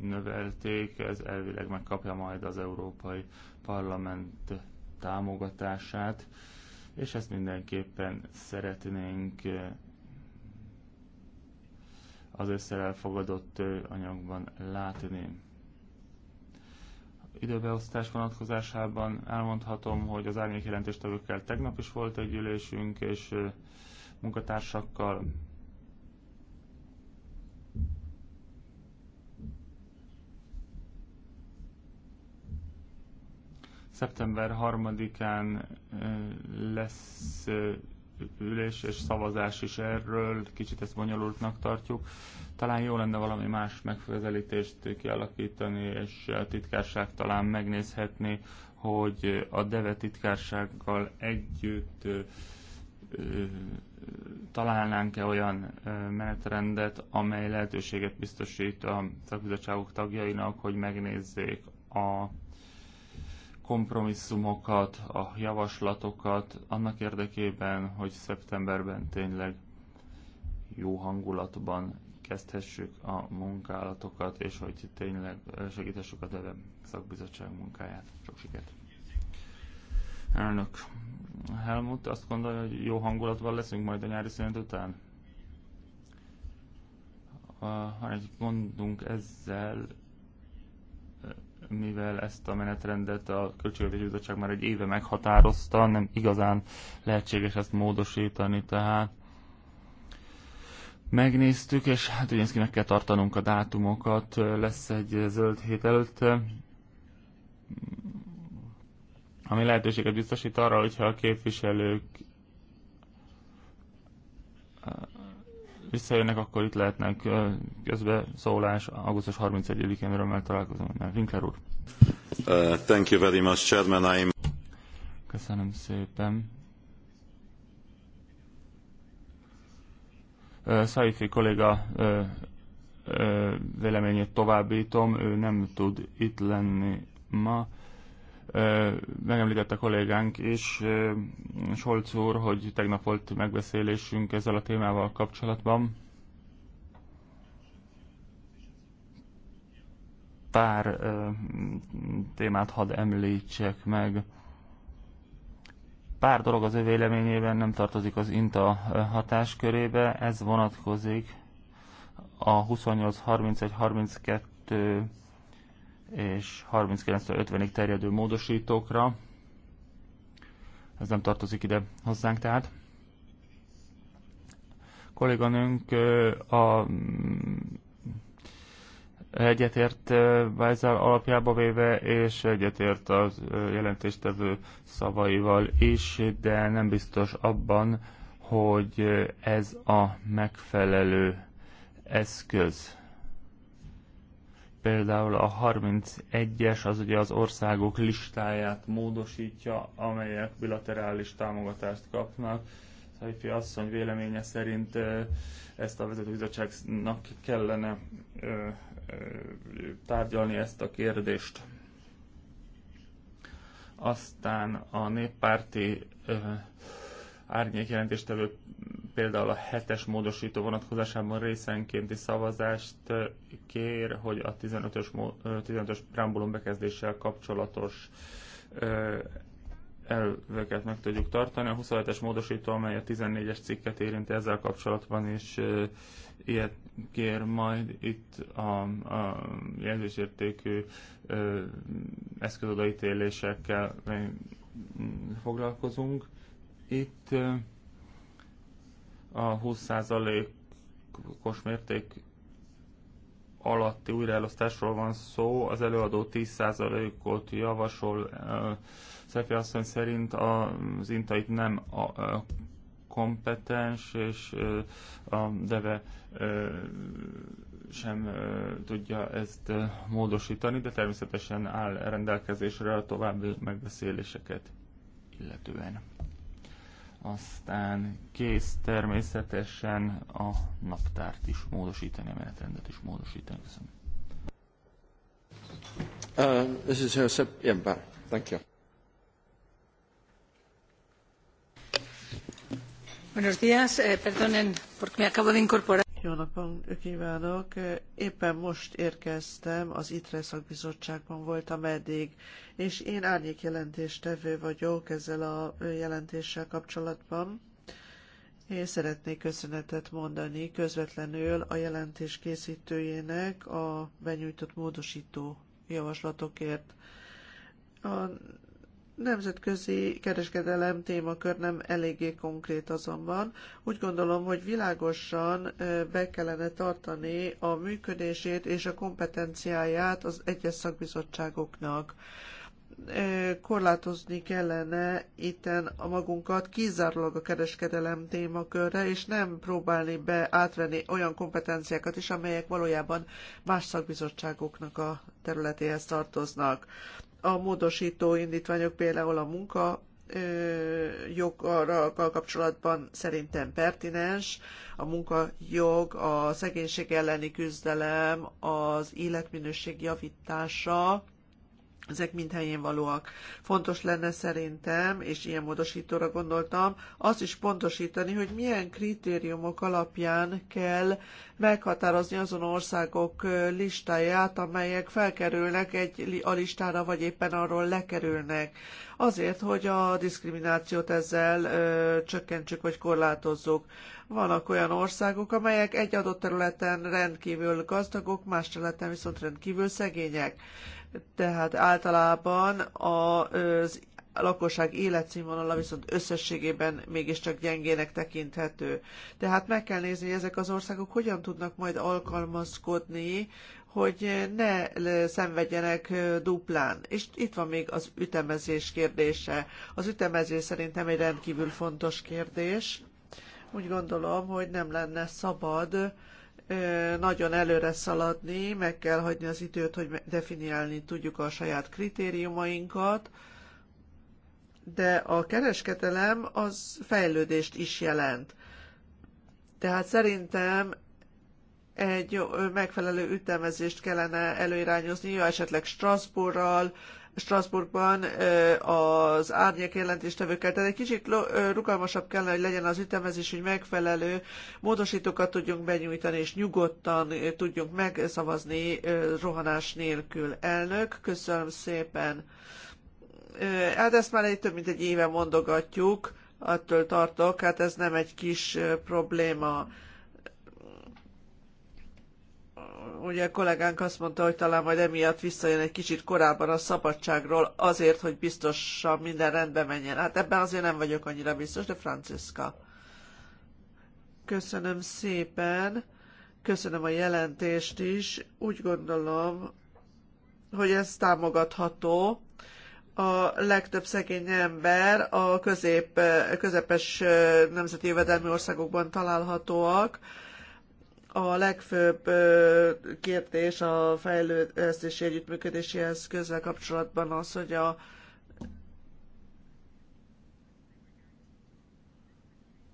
B: növelték, ez elvileg megkapja majd az Európai Parlament támogatását, és ezt mindenképpen szeretnénk az összel elfogadott anyagban látni. Időbeosztás vonatkozásában elmondhatom, hogy az árnyék jelentéstevőkkel tegnap is volt egy ülésünk, és munkatársakkal Szeptember 3-án lesz ülés és szavazás is erről, kicsit ezt bonyolultnak tartjuk. Talán jó lenne valami más megfelelítést kialakítani, és a titkárság talán megnézhetni, hogy a DEVE titkársággal együtt találnánk-e olyan menetrendet, amely lehetőséget biztosít a szakbizottságok tagjainak, hogy megnézzék a kompromisszumokat, a javaslatokat annak érdekében, hogy szeptemberben tényleg jó hangulatban kezdhessük a munkálatokat, és hogy tényleg segíthessük a DEVE szakbizottság munkáját. Sok sikert! Elnök Helmut azt gondolja, hogy jó hangulatban leszünk majd a nyári szünet után? Ha egy gondunk ezzel, mivel ezt a menetrendet a Költségvetési Bizottság már egy éve meghatározta, nem igazán lehetséges ezt módosítani, tehát megnéztük, és hát ugyanis meg kell tartanunk a dátumokat, lesz egy zöld hét előtt, ami lehetőséget biztosít arra, hogyha a képviselők visszajönnek, akkor itt lehetnek közbe szólás augusztus 31-én, örömmel találkozunk. önnel. Winkler úr.
C: Uh, thank you very much, Chairman. I'm...
B: Köszönöm szépen. Uh, Saifi kolléga uh, uh, véleményét továbbítom, ő nem tud itt lenni ma megemlített a kollégánk is, Solc úr, hogy tegnap volt megbeszélésünk ezzel a témával kapcsolatban. Pár témát hadd említsek meg. Pár dolog az ő véleményében nem tartozik az INTA hatáskörébe, ez vonatkozik a 28, 31, 32 és 39 50-ig terjedő módosítókra. Ez nem tartozik ide hozzánk tehát. A kolléganőnk mm, a egyetért ezzel alapjába véve, és egyetért az jelentéstevő szavaival is, de nem biztos abban, hogy ez a megfelelő eszköz. Például a 31-es az ugye az országok listáját módosítja, amelyek bilaterális támogatást kapnak. Szaifi asszony véleménye szerint ezt a vezetőbizottságnak kellene tárgyalni ezt a kérdést. Aztán a néppárti árnyékjelentéstevő például a hetes módosító vonatkozásában részenkénti szavazást kér, hogy a 15-ös, 15-ös preambulum bekezdéssel kapcsolatos elveket meg tudjuk tartani. A 27-es módosító, amely a 14-es cikket érinti ezzel kapcsolatban és ilyet kér majd itt a, a jelzésértékű eszközodaítélésekkel foglalkozunk. Itt a 20%-os mérték alatti újraelosztásról van szó, az előadó 10%-ot javasol. Szefi asszony szerint az intait nem a, a kompetens, és a deve sem tudja ezt módosítani, de természetesen áll rendelkezésre a további megbeszéléseket illetően aztán kész természetesen a naptárt is módosítani, a menetrendet is módosítani. Köszönöm.
A: Uh, this is Josep Jemba. Thank you. Buenos días. Eh, perdonen, porque me acabo de incorporar. Jó napot kívánok! Éppen most érkeztem, az ITRE szakbizottságban voltam eddig, és én árnyék jelentéstevő vagyok ezzel a jelentéssel kapcsolatban. Én szeretnék köszönetet mondani közvetlenül a jelentés készítőjének a benyújtott módosító javaslatokért. A nemzetközi kereskedelem témakör nem eléggé konkrét azonban. Úgy gondolom, hogy világosan be kellene tartani a működését és a kompetenciáját az egyes szakbizottságoknak korlátozni kellene itten a magunkat kizárólag a kereskedelem témakörre, és nem próbálni be átvenni olyan kompetenciákat is, amelyek valójában más szakbizottságoknak a területéhez tartoznak a módosító indítványok például a munka joggal kapcsolatban szerintem pertinens. A munkajog, a szegénység elleni küzdelem, az életminőség javítása, ezek mind helyén valóak. Fontos lenne szerintem, és ilyen módosítóra gondoltam, azt is pontosítani, hogy milyen kritériumok alapján kell meghatározni azon országok listáját, amelyek felkerülnek egy a listára, vagy éppen arról lekerülnek. Azért, hogy a diszkriminációt ezzel ö, csökkentsük, vagy korlátozzuk. Vannak olyan országok, amelyek egy adott területen rendkívül gazdagok, más területen viszont rendkívül szegények tehát általában az a lakosság életszínvonala viszont összességében mégiscsak gyengének tekinthető. Tehát meg kell nézni, hogy ezek az országok hogyan tudnak majd alkalmazkodni, hogy ne szenvedjenek duplán. És itt van még az ütemezés kérdése. Az ütemezés szerintem egy rendkívül fontos kérdés. Úgy gondolom, hogy nem lenne szabad nagyon előre szaladni, meg kell hagyni az időt, hogy definiálni tudjuk a saját kritériumainkat, de a kereskedelem az fejlődést is jelent. Tehát szerintem egy megfelelő ütemezést kellene előirányozni, esetleg Strasbourral, Strasbourgban az árnyék jelentéstevőkkel, tehát egy kicsit rugalmasabb kellene, hogy legyen az ütemezés, hogy megfelelő módosítókat tudjunk benyújtani, és nyugodtan tudjunk megszavazni rohanás nélkül. Elnök, köszönöm szépen. Hát ezt már egy több mint egy éve mondogatjuk, attól tartok, hát ez nem egy kis probléma ugye a kollégánk azt mondta, hogy talán majd emiatt visszajön egy kicsit korábban a szabadságról, azért, hogy biztosan minden rendbe menjen. Hát ebben azért nem vagyok annyira biztos, de Franciszka. Köszönöm szépen, köszönöm a jelentést is. Úgy gondolom, hogy ez támogatható. A legtöbb szegény ember a közép, közepes nemzeti jövedelmi országokban találhatóak, a legfőbb kérdés a fejlesztési együttműködési eszközzel kapcsolatban az, hogy a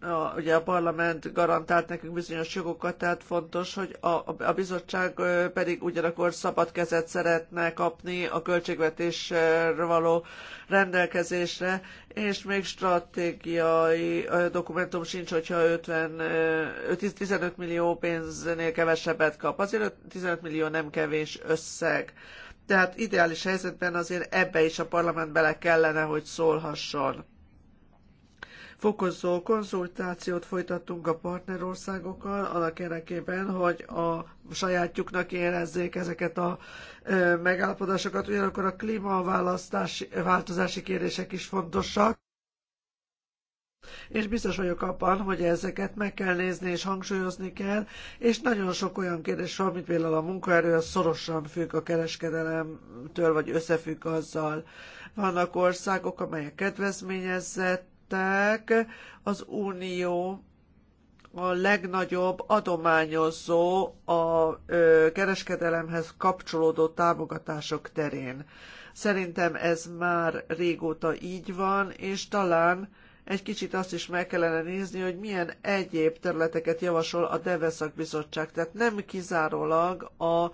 A: a, ugye a parlament garantált nekünk bizonyos jogokat, tehát fontos, hogy a, a bizottság pedig ugyanakkor szabad kezet szeretne kapni a költségvetésre való rendelkezésre, és még stratégiai dokumentum sincs, hogyha 50, 15 millió pénznél kevesebbet kap. Azért 15 millió nem kevés összeg. Tehát ideális helyzetben azért ebbe is a parlament bele kellene, hogy szólhasson fokozó konzultációt folytattunk a partnerországokkal, annak érdekében, hogy a sajátjuknak érezzék ezeket a megállapodásokat. Ugyanakkor a klímaválasztási változási kérések is fontosak, és biztos vagyok abban, hogy ezeket meg kell nézni és hangsúlyozni kell, és nagyon sok olyan kérdés van, mint például a munkaerő, az szorosan függ a kereskedelemtől, vagy összefügg azzal. Vannak országok, amelyek kedvezményezett, lettek az Unió a legnagyobb adományozó a ö, kereskedelemhez kapcsolódó támogatások terén. Szerintem ez már régóta így van, és talán egy kicsit azt is meg kellene nézni, hogy milyen egyéb területeket javasol a Deveszak Bizottság. Tehát nem kizárólag a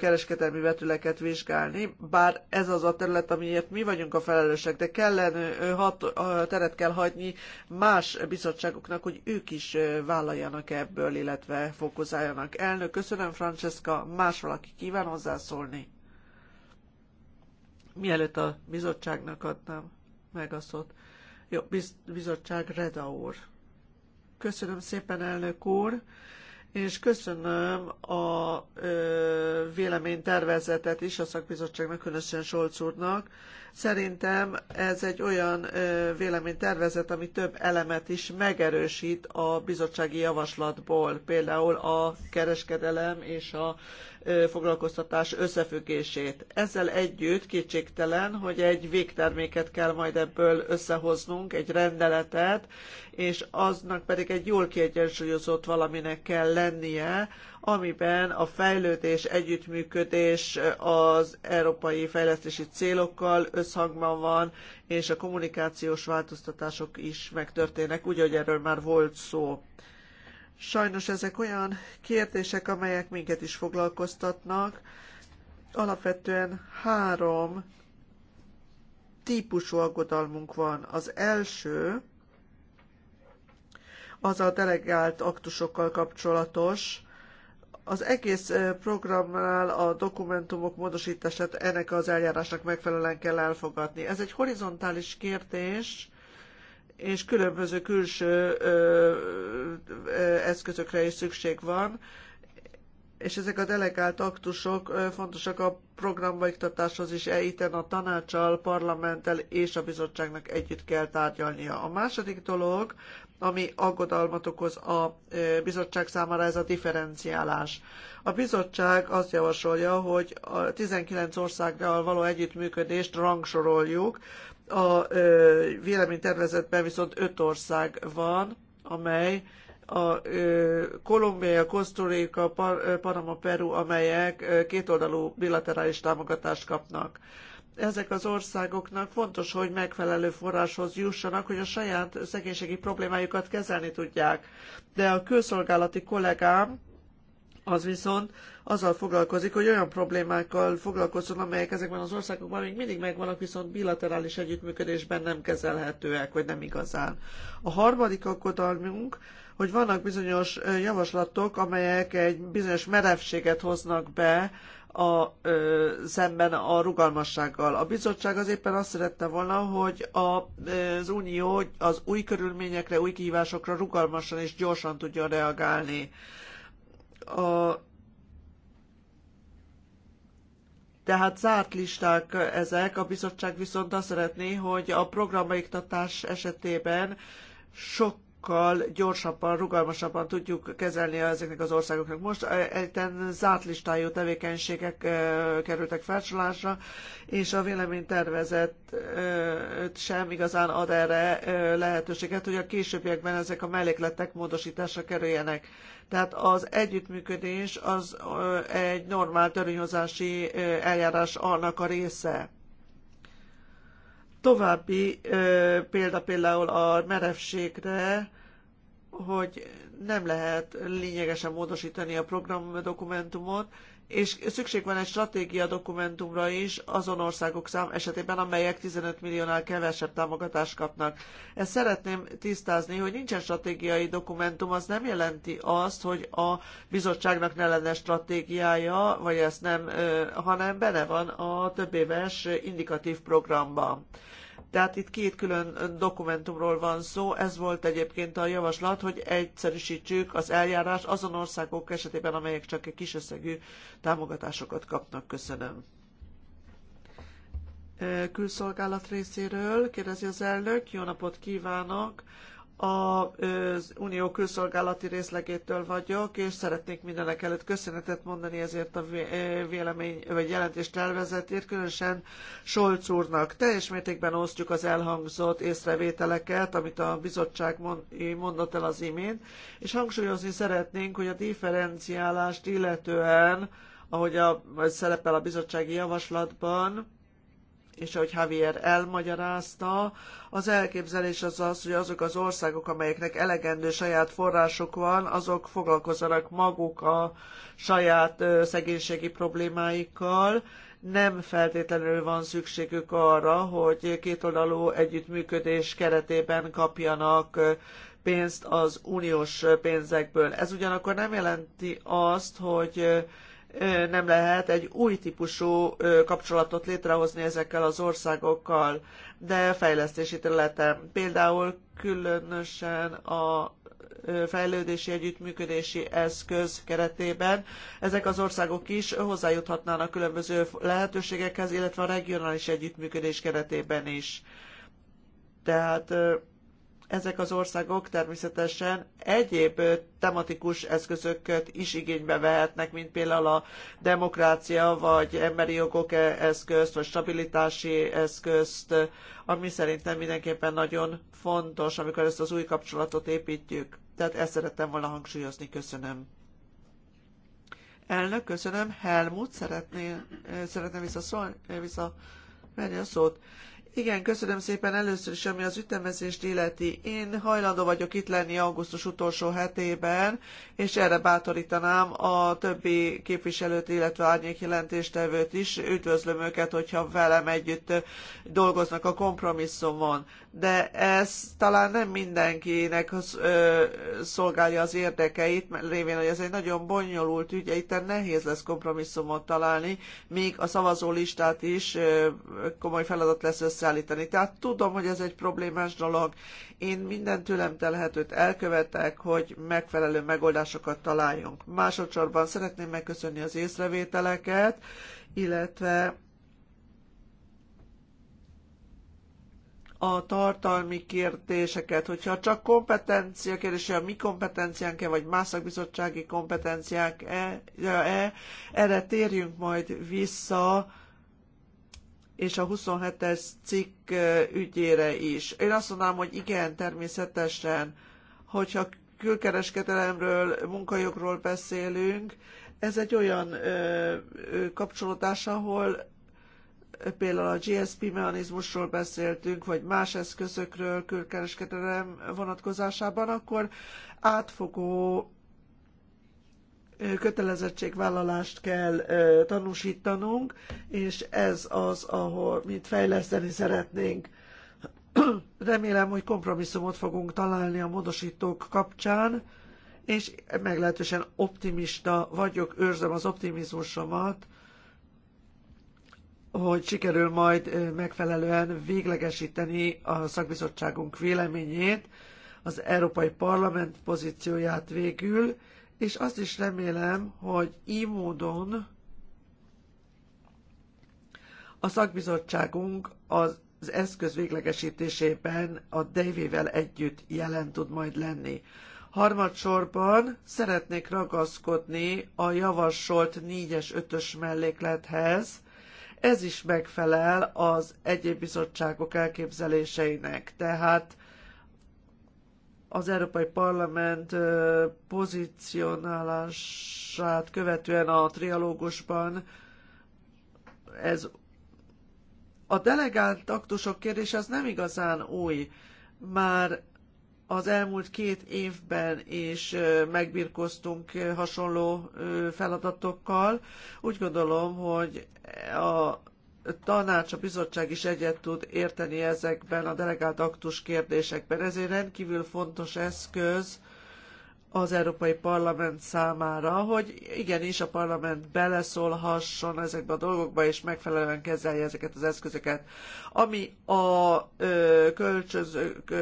A: kereskedelmi vetületeket vizsgálni, bár ez az a terület, amiért mi vagyunk a felelősek, de kellene hat, teret kell hagyni más bizottságoknak, hogy ők is vállaljanak ebből, illetve fókuszáljanak. Elnök, köszönöm, Francesca, más valaki kíván hozzászólni? Mielőtt a bizottságnak adnám meg a szót. Jó, biz, bizottság Reda úr. Köszönöm szépen, elnök úr és köszönöm a véleménytervezetet is a szakbizottságnak, különösen Solc úrnak, Szerintem ez egy olyan véleménytervezet, ami több elemet is megerősít a bizottsági javaslatból, például a kereskedelem és a foglalkoztatás összefüggését. Ezzel együtt kétségtelen, hogy egy végterméket kell majd ebből összehoznunk, egy rendeletet, és aznak pedig egy jól kiegyensúlyozott valaminek kell lennie, amiben a fejlődés, együttműködés az európai fejlesztési célokkal összhangban van, és a kommunikációs változtatások is megtörténnek, úgy, hogy erről már volt szó. Sajnos ezek olyan kérdések, amelyek minket is foglalkoztatnak. Alapvetően három típusú aggodalmunk van. Az első az a delegált aktusokkal kapcsolatos, az egész programnál a dokumentumok módosítását ennek az eljárásnak megfelelően kell elfogadni. Ez egy horizontális kérdés, és különböző külső eszközökre is szükség van, és ezek a delegált aktusok fontosak a programbaiktatáshoz is, eiten a tanácsal, parlamenttel és a bizottságnak együtt kell tárgyalnia. A második dolog ami aggodalmat okoz a bizottság számára ez a differenciálás. A bizottság azt javasolja, hogy a 19 országgal való együttműködést rangsoroljuk, a véleménytervezetben viszont 5 ország van, amely a Kolumbia, Costa Rica, Panama, Peru, amelyek kétoldalú bilaterális támogatást kapnak ezek az országoknak fontos, hogy megfelelő forráshoz jussanak, hogy a saját szegénységi problémájukat kezelni tudják. De a külszolgálati kollégám az viszont azzal foglalkozik, hogy olyan problémákkal foglalkozzon, amelyek ezekben az országokban még mindig megvannak, viszont bilaterális együttműködésben nem kezelhetőek, vagy nem igazán. A harmadik aggodalmunk, hogy vannak bizonyos javaslatok, amelyek egy bizonyos merevséget hoznak be a, ö, szemben a rugalmassággal. A bizottság az éppen azt szerette volna, hogy a, az Unió az új körülményekre, új kihívásokra rugalmasan és gyorsan tudjon reagálni. A, tehát zárt listák ezek, a bizottság viszont azt szeretné, hogy a programbeiktatás esetében sok sokkal gyorsabban, rugalmasabban tudjuk kezelni ezeknek az országoknak. Most egyten zárt listájú tevékenységek kerültek felcsolásra, és a véleménytervezet sem igazán ad erre lehetőséget, hogy a későbbiekben ezek a mellékletek módosításra kerüljenek. Tehát az együttműködés az egy normál törvényhozási eljárás annak a része. További példa például a merevségre, hogy nem lehet lényegesen módosítani a dokumentumot, és szükség van egy stratégia dokumentumra is azon országok szám esetében, amelyek 15 milliónál kevesebb támogatást kapnak. Ezt szeretném tisztázni, hogy nincsen stratégiai dokumentum, az nem jelenti azt, hogy a bizottságnak ne lenne stratégiája, vagy ezt nem, hanem benne van a többéves indikatív programban. Tehát itt két külön dokumentumról van szó, ez volt egyébként a javaslat, hogy egyszerűsítsük az eljárás azon országok esetében, amelyek csak egy kis összegű támogatásokat kapnak. Köszönöm. Külszolgálat részéről kérdezi az elnök, jó napot kívánok! az Unió külszolgálati részlegétől vagyok, és szeretnék mindenek előtt köszönetet mondani ezért a vélemény vagy jelentés tervezetért, különösen Solc úrnak. Teljes mértékben osztjuk az elhangzott észrevételeket, amit a bizottság mondott el az imént, és hangsúlyozni szeretnénk, hogy a differenciálást illetően, ahogy a, szerepel a bizottsági javaslatban, és ahogy Javier elmagyarázta, az elképzelés az az, hogy azok az országok, amelyeknek elegendő saját források van, azok foglalkozzanak maguk a saját szegénységi problémáikkal, nem feltétlenül van szükségük arra, hogy kétoldalú együttműködés keretében kapjanak pénzt az uniós pénzekből. Ez ugyanakkor nem jelenti azt, hogy nem lehet egy új típusú kapcsolatot létrehozni ezekkel az országokkal, de fejlesztési területen. Például különösen a fejlődési együttműködési eszköz keretében ezek az országok is hozzájuthatnának különböző lehetőségekhez, illetve a regionális együttműködés keretében is. Tehát ezek az országok természetesen egyéb tematikus eszközöket is igénybe vehetnek, mint például a demokrácia, vagy emberi jogok e, eszközt, vagy stabilitási eszközt, ami szerintem mindenképpen nagyon fontos, amikor ezt az új kapcsolatot építjük. Tehát ezt szerettem volna hangsúlyozni. Köszönöm. Elnök, köszönöm. Helmut, szeretné, szeretném visszaszólni, visszamenni a szót. Igen, köszönöm szépen először is, ami az ütemezést illeti. Én hajlandó vagyok itt lenni augusztus utolsó hetében, és erre bátorítanám a többi képviselőt, illetve árnyék jelentéstevőt is. Üdvözlöm őket, hogyha velem együtt dolgoznak a kompromisszumon de ez talán nem mindenkinek szolgálja az érdekeit, mert lévén, hogy ez egy nagyon bonyolult ügy, itt nehéz lesz kompromisszumot találni, még a szavazó listát is komoly feladat lesz összeállítani. Tehát tudom, hogy ez egy problémás dolog. Én minden tőlem telhetőt elkövetek, hogy megfelelő megoldásokat találjunk. Másodszorban szeretném megköszönni az észrevételeket, illetve a tartalmi kérdéseket, hogyha csak kompetencia kérdése, a mi kompetenciánk-e, vagy más szakbizottsági kompetenciák-e, e, erre térjünk majd vissza, és a 27-es cikk e, ügyére is. Én azt mondanám, hogy igen, természetesen, hogyha külkereskedelemről, munkajogról beszélünk, ez egy olyan ö, e, ö, kapcsolódás, ahol például a GSP mechanizmusról beszéltünk, vagy más eszközökről külkereskedelem vonatkozásában, akkor átfogó kötelezettségvállalást kell tanúsítanunk, és ez az, ahol mit fejleszteni szeretnénk. Remélem, hogy kompromisszumot fogunk találni a módosítók kapcsán, és meglehetősen optimista vagyok, őrzöm az optimizmusomat, hogy sikerül majd megfelelően véglegesíteni a szakbizottságunk véleményét, az Európai Parlament pozícióját végül, és azt is remélem, hogy így módon a szakbizottságunk az az eszköz véglegesítésében a Davy-vel együtt jelen tud majd lenni. Harmadsorban szeretnék ragaszkodni a javasolt 4-es, 5-ös melléklethez, ez is megfelel az egyéb bizottságok elképzeléseinek. Tehát az Európai Parlament pozícionálását követően a trialógusban ez a delegált aktusok kérdése az nem igazán új. Már az elmúlt két évben is megbirkoztunk hasonló feladatokkal. Úgy gondolom, hogy a tanács, a bizottság is egyet tud érteni ezekben a delegált aktus kérdésekben. Ez egy rendkívül fontos eszköz az Európai Parlament számára, hogy igenis a parlament beleszólhasson ezekbe a dolgokba, és megfelelően kezelje ezeket az eszközöket. Ami a kölcsönzők,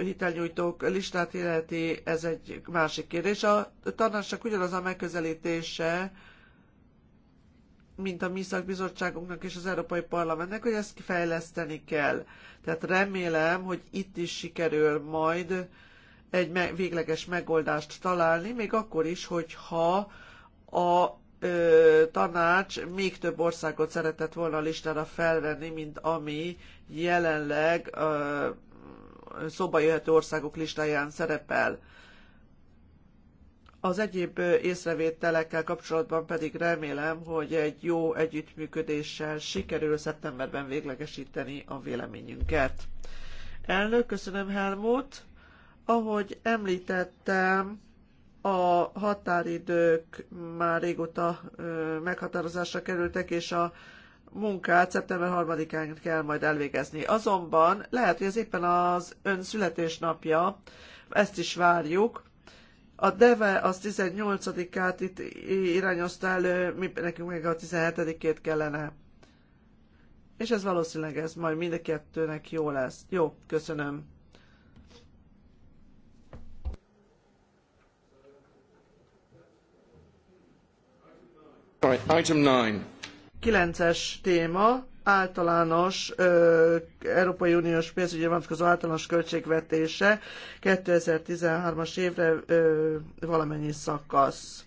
A: hitelnyújtók listát illeti, ez egy másik kérdés. A tanácsnak ugyanaz a megközelítése, mint a mi szakbizottságunknak és az Európai Parlamentnek, hogy ezt fejleszteni kell. Tehát remélem, hogy itt is sikerül majd egy me végleges megoldást találni, még akkor is, hogyha a ö, tanács még több országot szeretett volna a listára felvenni, mint ami jelenleg ö, szóba jöhető országok listáján szerepel. Az egyéb észrevételekkel kapcsolatban pedig remélem, hogy egy jó együttműködéssel sikerül szeptemberben véglegesíteni a véleményünket. Elnök, köszönöm Helmut! Ahogy említettem, a határidők már régóta meghatározásra kerültek, és a munkát szeptember 3-án kell majd elvégezni. Azonban lehet, hogy ez éppen az ön születésnapja, ezt is várjuk. A DEVE az 18-át itt irányozta elő, mi, nekünk meg a 17-ét kellene. És ez valószínűleg ez majd mind a kettőnek jó lesz. Jó, köszönöm. Kilences téma, általános ö, Európai Uniós pénzügyi vonatkozó általános költségvetése 2013-as évre ö, valamennyi szakasz.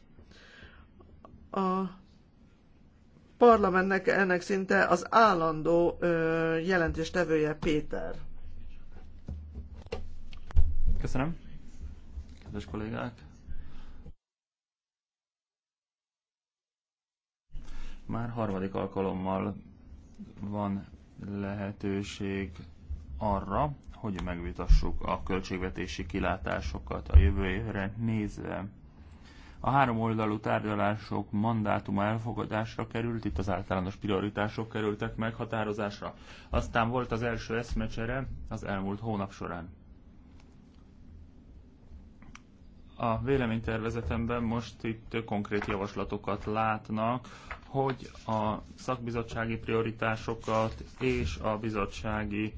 A: A parlamentnek ennek szinte az állandó ö, jelentéstevője Péter. Köszönöm.
B: Kedves kollégák! Már harmadik alkalommal van lehetőség arra, hogy megvitassuk a költségvetési kilátásokat a jövő évre nézve. A három oldalú tárgyalások mandátuma elfogadásra került, itt az általános prioritások kerültek meghatározásra. Aztán volt az első eszmecsere az elmúlt hónap során. A véleménytervezetemben most itt konkrét javaslatokat látnak, hogy a szakbizottsági prioritásokat és a bizottsági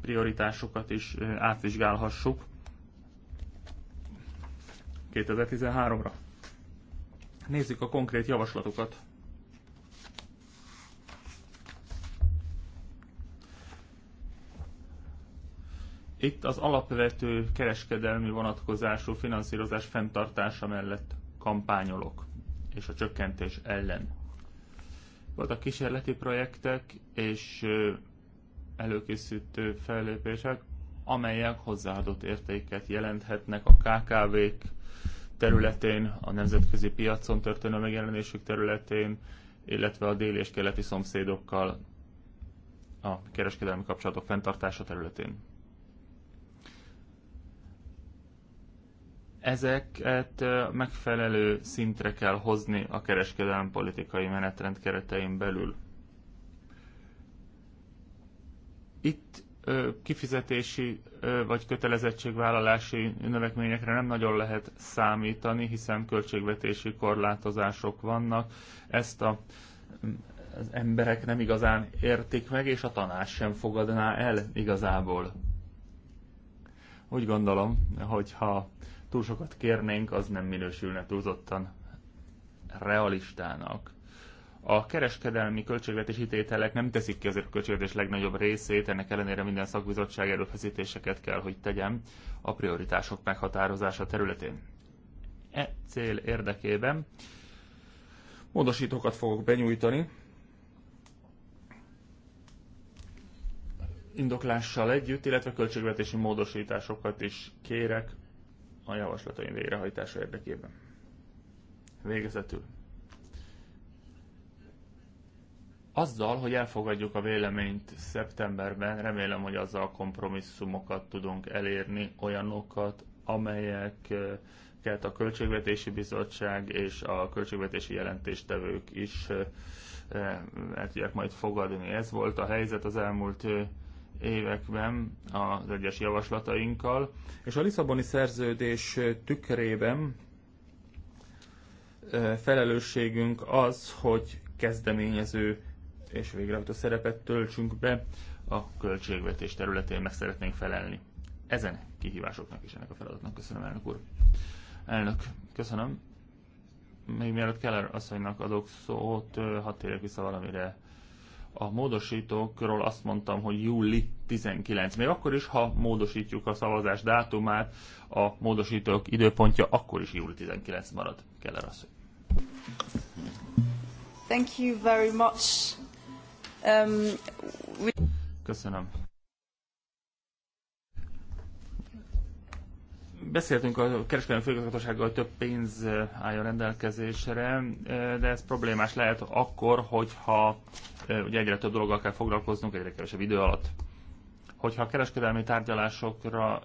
B: prioritásokat is átvizsgálhassuk 2013-ra. Nézzük a konkrét javaslatokat. Itt az alapvető kereskedelmi vonatkozású finanszírozás fenntartása mellett kampányolok, és a csökkentés ellen. Voltak kísérleti projektek és előkészítő fellépések, amelyek hozzáadott értéket jelenthetnek a KKV-k területén, a nemzetközi piacon történő megjelenésük területén, illetve a déli és keleti szomszédokkal a kereskedelmi kapcsolatok fenntartása területén. ezeket megfelelő szintre kell hozni a kereskedelmi politikai menetrend keretein belül. Itt kifizetési vagy kötelezettségvállalási növekményekre nem nagyon lehet számítani, hiszen költségvetési korlátozások vannak. Ezt a, az emberek nem igazán értik meg, és a tanács sem fogadná el igazából. Úgy gondolom, hogyha ha túl sokat kérnénk, az nem minősülne túlzottan realistának. A kereskedelmi költségvetési tételek nem teszik ki azért a költségvetés legnagyobb részét, ennek ellenére minden szakbizottság erőfeszítéseket kell, hogy tegyem a prioritások meghatározása területén. E cél érdekében módosítókat fogok benyújtani, indoklással együtt, illetve költségvetési módosításokat is kérek a javaslataim végrehajtása érdekében. Végezetül. Azzal, hogy elfogadjuk a véleményt szeptemberben, remélem, hogy azzal kompromisszumokat tudunk elérni, olyanokat, amelyeket a Költségvetési Bizottság és a költségvetési jelentéstevők is eh, el tudják majd fogadni. Ez volt a helyzet az elmúlt eh, években az egyes javaslatainkkal, és a Lisszaboni szerződés tükrében felelősségünk az, hogy kezdeményező és végrehajtó szerepet töltsünk be a költségvetés területén meg szeretnénk felelni. Ezen kihívásoknak és ennek a feladatnak köszönöm, elnök úr. Elnök, köszönöm. Még mielőtt Keller asszonynak adok szót, hadd térjek vissza valamire a módosítókról azt mondtam, hogy júli 19. Még akkor is, ha módosítjuk a szavazás dátumát, a módosítók időpontja akkor is júli 19 marad. Keller asszony.
A: Thank you very much. Um, we...
B: Köszönöm Beszéltünk a kereskedelmi főigazgatósággal, hogy több pénz eh, álljon rendelkezésre, eh, de ez problémás lehet akkor, hogyha eh, ugye egyre több dologgal kell foglalkoznunk egyre kevesebb idő alatt. Hogyha a kereskedelmi tárgyalásokra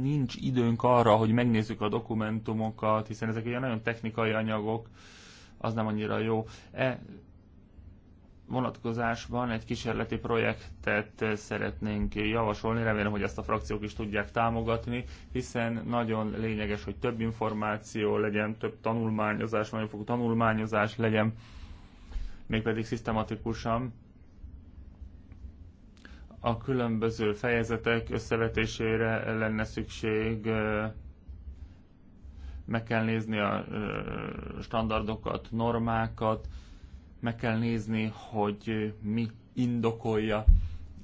B: nincs időnk arra, hogy megnézzük a dokumentumokat, hiszen ezek ugye nagyon technikai anyagok, az nem annyira jó. E, vonatkozásban egy kísérleti projektet szeretnénk javasolni, remélem, hogy ezt a frakciók is tudják támogatni, hiszen nagyon lényeges, hogy több információ legyen, több tanulmányozás, nagyon fogó tanulmányozás legyen, mégpedig szisztematikusan a különböző fejezetek összevetésére lenne szükség, meg kell nézni a standardokat, normákat, meg kell nézni, hogy mi indokolja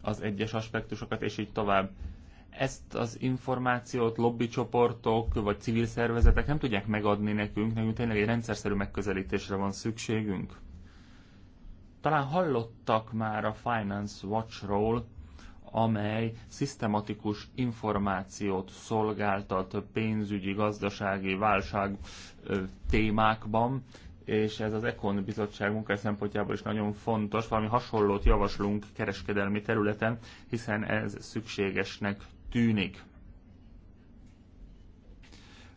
B: az egyes aspektusokat, és így tovább. Ezt az információt lobbycsoportok vagy civil szervezetek nem tudják megadni nekünk, nekünk tényleg egy rendszerszerű megközelítésre van szükségünk. Talán hallottak már a Finance Watchról, amely szisztematikus információt szolgáltat pénzügyi, gazdasági válság témákban, és ez az Econ bizottság munkás szempontjából is nagyon fontos. Valami hasonlót javaslunk kereskedelmi területen, hiszen ez szükségesnek tűnik.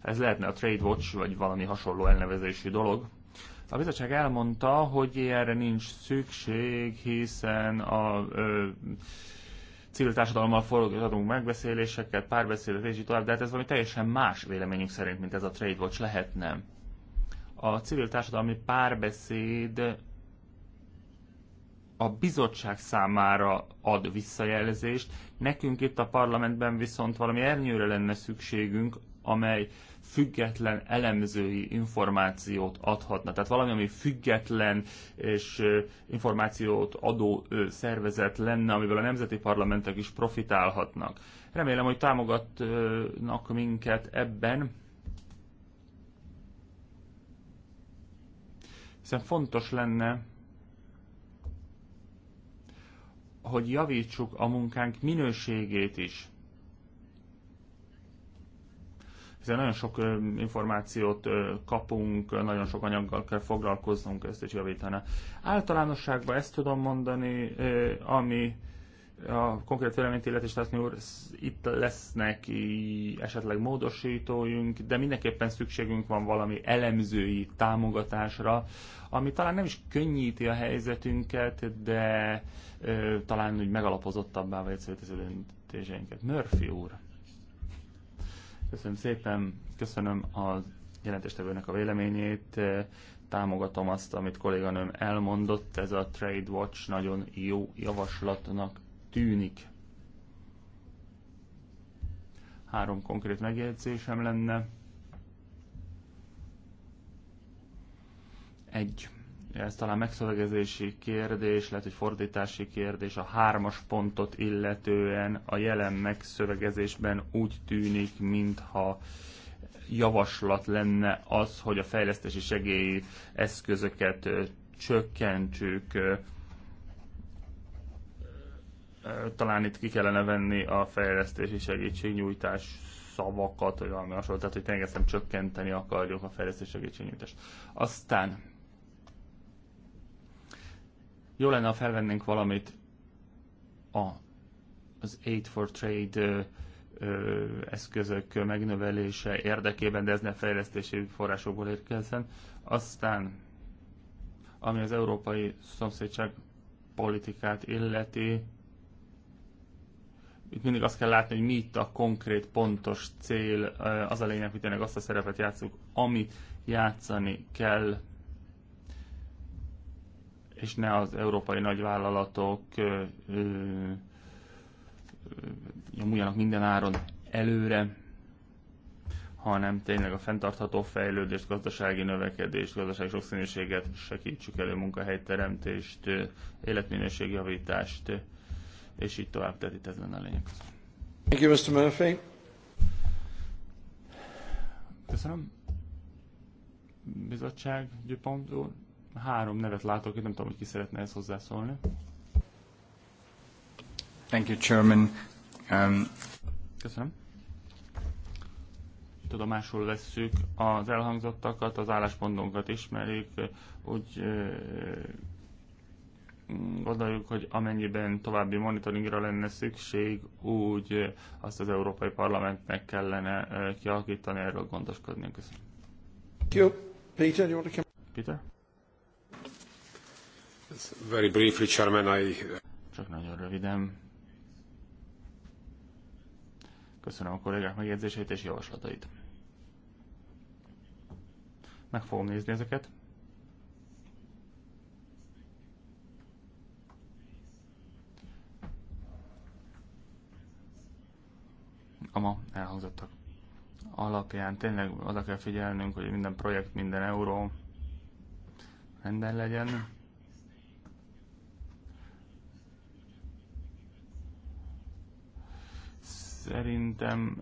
B: Ez lehetne a Trade Watch, vagy valami hasonló elnevezésű dolog. A bizottság elmondta, hogy erre nincs szükség, hiszen a ö, civil társadalommal forgatunk megbeszéléseket, párbeszédet és így tovább, de hát ez valami teljesen más véleményünk szerint, mint ez a Trade Watch lehetne a civil társadalmi párbeszéd a bizottság számára ad visszajelzést, nekünk itt a parlamentben viszont valami ernyőre lenne szükségünk, amely független elemzői információt adhatna. Tehát valami, ami független és információt adó szervezet lenne, amiből a nemzeti parlamentek is profitálhatnak. Remélem, hogy támogatnak minket ebben. hiszen fontos lenne, hogy javítsuk a munkánk minőségét is. Hiszen nagyon sok információt kapunk, nagyon sok anyaggal kell foglalkoznunk, ezt is javítana. Általánosságban ezt tudom mondani, ami a konkrét véleményt illet is látni úr, itt lesznek esetleg módosítójunk, de mindenképpen szükségünk van valami elemzői támogatásra, ami talán nem is könnyíti a helyzetünket, de ö, talán úgy megalapozottabbá vagy az döntéseinket. Murphy úr. Köszönöm szépen, köszönöm a jelentéstevőnek a véleményét, támogatom azt, amit kolléganőm elmondott, ez a Trade Watch nagyon jó javaslatnak tűnik. Három konkrét megjegyzésem lenne. Egy, ez talán megszövegezési kérdés, lehet, hogy fordítási kérdés, a hármas pontot illetően a jelen megszövegezésben úgy tűnik, mintha javaslat lenne az, hogy a fejlesztési segély eszközöket csökkentsük talán itt ki kellene venni a fejlesztési segítségnyújtás szavakat, vagy valami hasonló, tehát hogy tényleg ezt nem csökkenteni akarjuk a fejlesztési segítségnyújtást. Aztán jó lenne, ha felvennénk valamit a, az Aid for Trade ö, ö, eszközök megnövelése érdekében, de ez ne fejlesztési forrásokból érkezzen. Aztán, ami az európai szomszédság politikát illeti, itt mindig azt kell látni, hogy mi itt a konkrét, pontos cél, eh, az a lényeg, hogy tényleg azt a szerepet játszunk, amit játszani kell, és ne az európai nagyvállalatok eh, eh, nyomuljanak minden áron előre, hanem tényleg a fenntartható fejlődést, gazdasági növekedést, gazdasági sokszínűséget segítsük elő, munkahelyteremtést, életminőségjavítást, javítást és így tovább. Tehát itt ez lenne a lényeg.
A: Thank you, Mr. Murphy.
B: Köszönöm. Bizottság, Dupont úr. Három nevet látok, én nem tudom, hogy ki szeretne ezt hozzászólni.
C: Thank you, Chairman. Um...
B: Köszönöm. Tudomásul vesszük az elhangzottakat, az álláspontunkat ismerik, úgy eh, gondoljuk, hogy amennyiben további monitoringra lenne szükség, úgy azt az Európai Parlamentnek kellene kialakítani, erről gondoskodni.
A: Köszönöm. Peter, you want to Peter?
B: Very briefly, Chairman, I... Csak nagyon röviden. Köszönöm a kollégák megjegyzéseit és javaslatait. Meg fogom nézni ezeket. a ma elhangzottak alapján tényleg oda kell figyelnünk, hogy minden projekt, minden euró rendben legyen. Szerintem,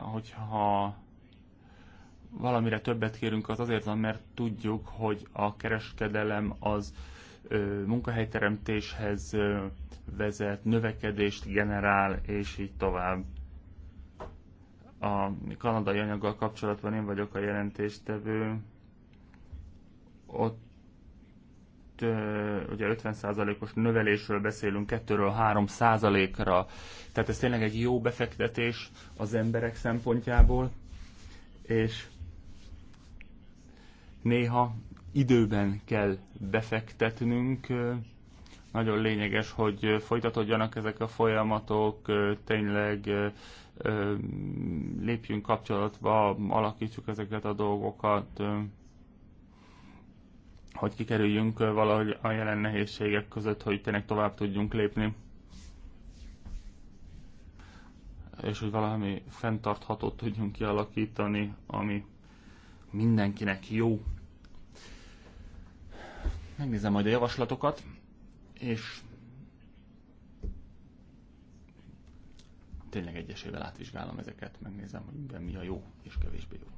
B: hogyha valamire többet kérünk, az azért van, mert tudjuk, hogy a kereskedelem az munkahelyteremtéshez vezet, növekedést generál, és így tovább. A kanadai anyaggal kapcsolatban én vagyok a jelentéstevő. Ott ugye 50%-os növelésről beszélünk, 2-ről 3%-ra. Tehát ez tényleg egy jó befektetés az emberek szempontjából, és néha időben kell befektetnünk. Nagyon lényeges, hogy folytatódjanak ezek a folyamatok, tényleg lépjünk kapcsolatba, alakítsuk ezeket a dolgokat, hogy kikerüljünk valahogy a jelen nehézségek között, hogy tényleg tovább tudjunk lépni. És hogy valami fenntarthatót tudjunk kialakítani, ami mindenkinek jó. Megnézem majd a javaslatokat, és tényleg egyesével átvizsgálom ezeket, megnézem, hogy mi a jó és kevésbé jó.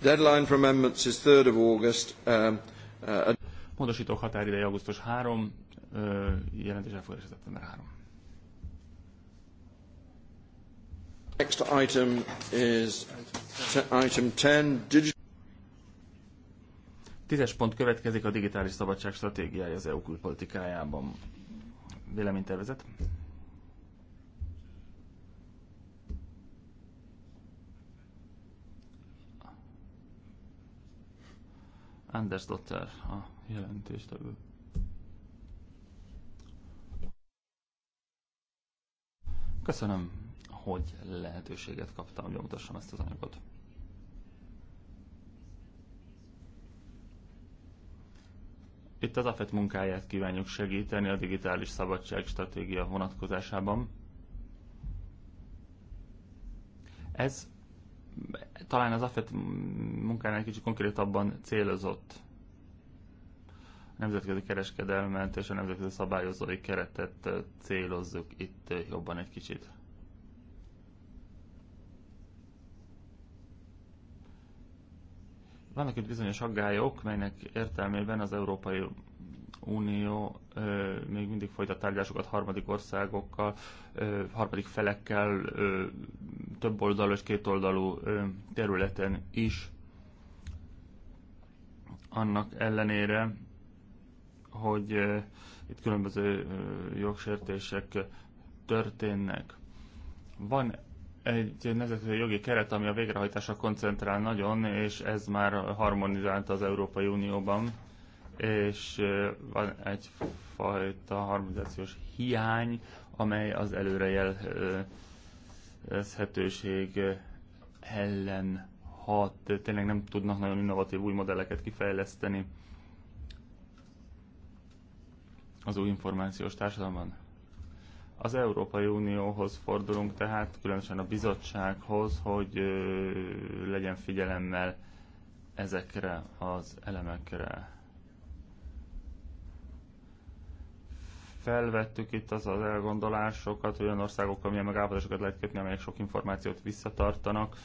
B: Deadline for amendments is 3rd of August. Um, uh, Módosítók határideje augusztus 3, uh, jelentés elfogadás szeptember 3.
A: Next item is item 10, digital
B: Tízes pont következik a digitális szabadság stratégiája az EU külpolitikájában. Véleménytervezet? Anders Dotter a jelentéstevő. Köszönöm, hogy lehetőséget kaptam, hogy mutassam ezt az anyagot. Itt az AFET munkáját kívánjuk segíteni a digitális szabadság stratégia vonatkozásában. Ez talán az AFET munkánál kicsit konkrétabban célozott a nemzetközi kereskedelmet és a nemzetközi szabályozói keretet célozzuk itt jobban egy kicsit. Vannak itt bizonyos aggályok, melynek értelmében az Európai Unió ö, még mindig folytat tárgyalásokat harmadik országokkal, ö, harmadik felekkel, ö, több oldalú és két oldalú ö, területen is. Annak ellenére, hogy ö, itt különböző ö, jogsértések történnek. Van egy nemzetközi jogi keret, ami a végrehajtásra koncentrál nagyon, és ez már harmonizált az Európai Unióban, és van egyfajta harmonizációs hiány, amely az előrejelzhetőség ellen hat, tényleg nem tudnak nagyon innovatív új modelleket kifejleszteni az új információs társadalomban. Az Európai Unióhoz fordulunk tehát, különösen a bizottsághoz, hogy legyen figyelemmel ezekre az elemekre. Felvettük itt az, az elgondolásokat, hogy olyan országokkal milyen megállapodásokat lehet kötni, amelyek sok információt visszatartanak.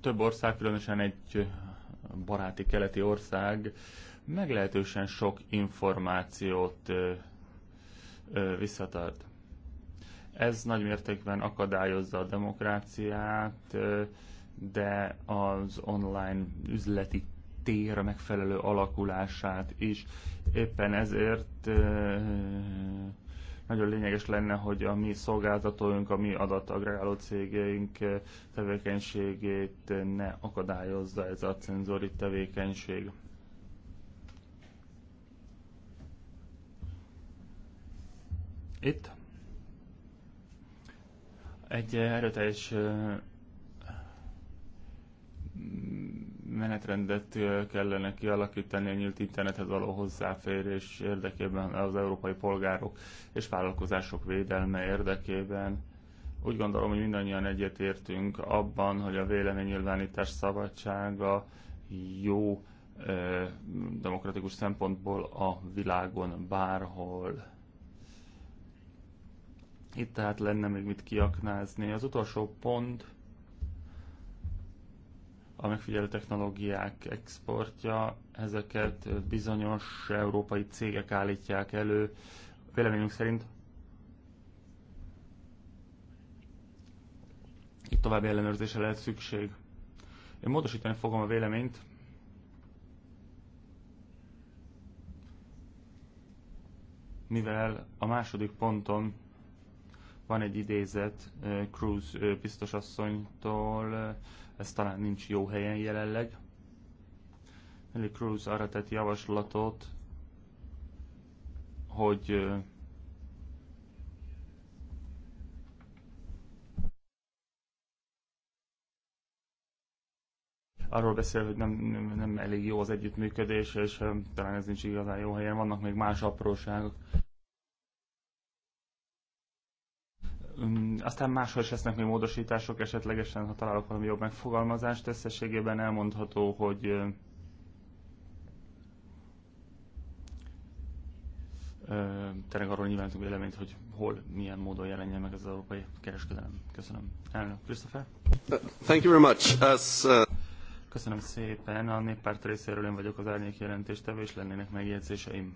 B: Több ország, különösen egy baráti keleti ország, meglehetősen sok információt ö, ö, visszatart. Ez nagy mértékben akadályozza a demokráciát, ö, de az online üzleti tér megfelelő alakulását is. Éppen ezért ö, nagyon lényeges lenne, hogy a mi szolgáltatóink, a mi adatagregáló cégeink tevékenységét ne akadályozza ez a cenzori tevékenység. itt egy eh, erőteljes eh, menetrendet eh, kellene kialakítani a nyílt internethez való hozzáférés érdekében az európai polgárok és vállalkozások védelme érdekében. Úgy gondolom, hogy mindannyian egyetértünk abban, hogy a véleménynyilvánítás szabadsága jó demokratikus szempontból a világon bárhol itt tehát lenne még mit kiaknázni. Az utolsó pont a megfigyelő technológiák exportja, ezeket bizonyos európai cégek állítják elő. Véleményünk szerint itt további ellenőrzése lehet szükség. Én módosítani fogom a véleményt, mivel a második ponton van egy idézet Cruz biztosasszonytól, ez talán nincs jó helyen jelenleg. Nelly Cruz arra tett javaslatot, hogy arról beszél, hogy nem, nem, nem elég jó az együttműködés, és talán ez nincs igazán jó helyen. Vannak még más apróságok. Aztán máshol is lesznek még módosítások, esetlegesen, ha találok valami jobb megfogalmazást, összességében elmondható, hogy tényleg arról nyilvánítunk véleményt, hogy hol, milyen módon jelenjen meg az európai kereskedelem. Köszönöm. Elnök Christopher. Thank you very much. As, uh... Köszönöm szépen. A néppárt részéről én vagyok az árnyék jelentéstevő, és lennének megjegyzéseim.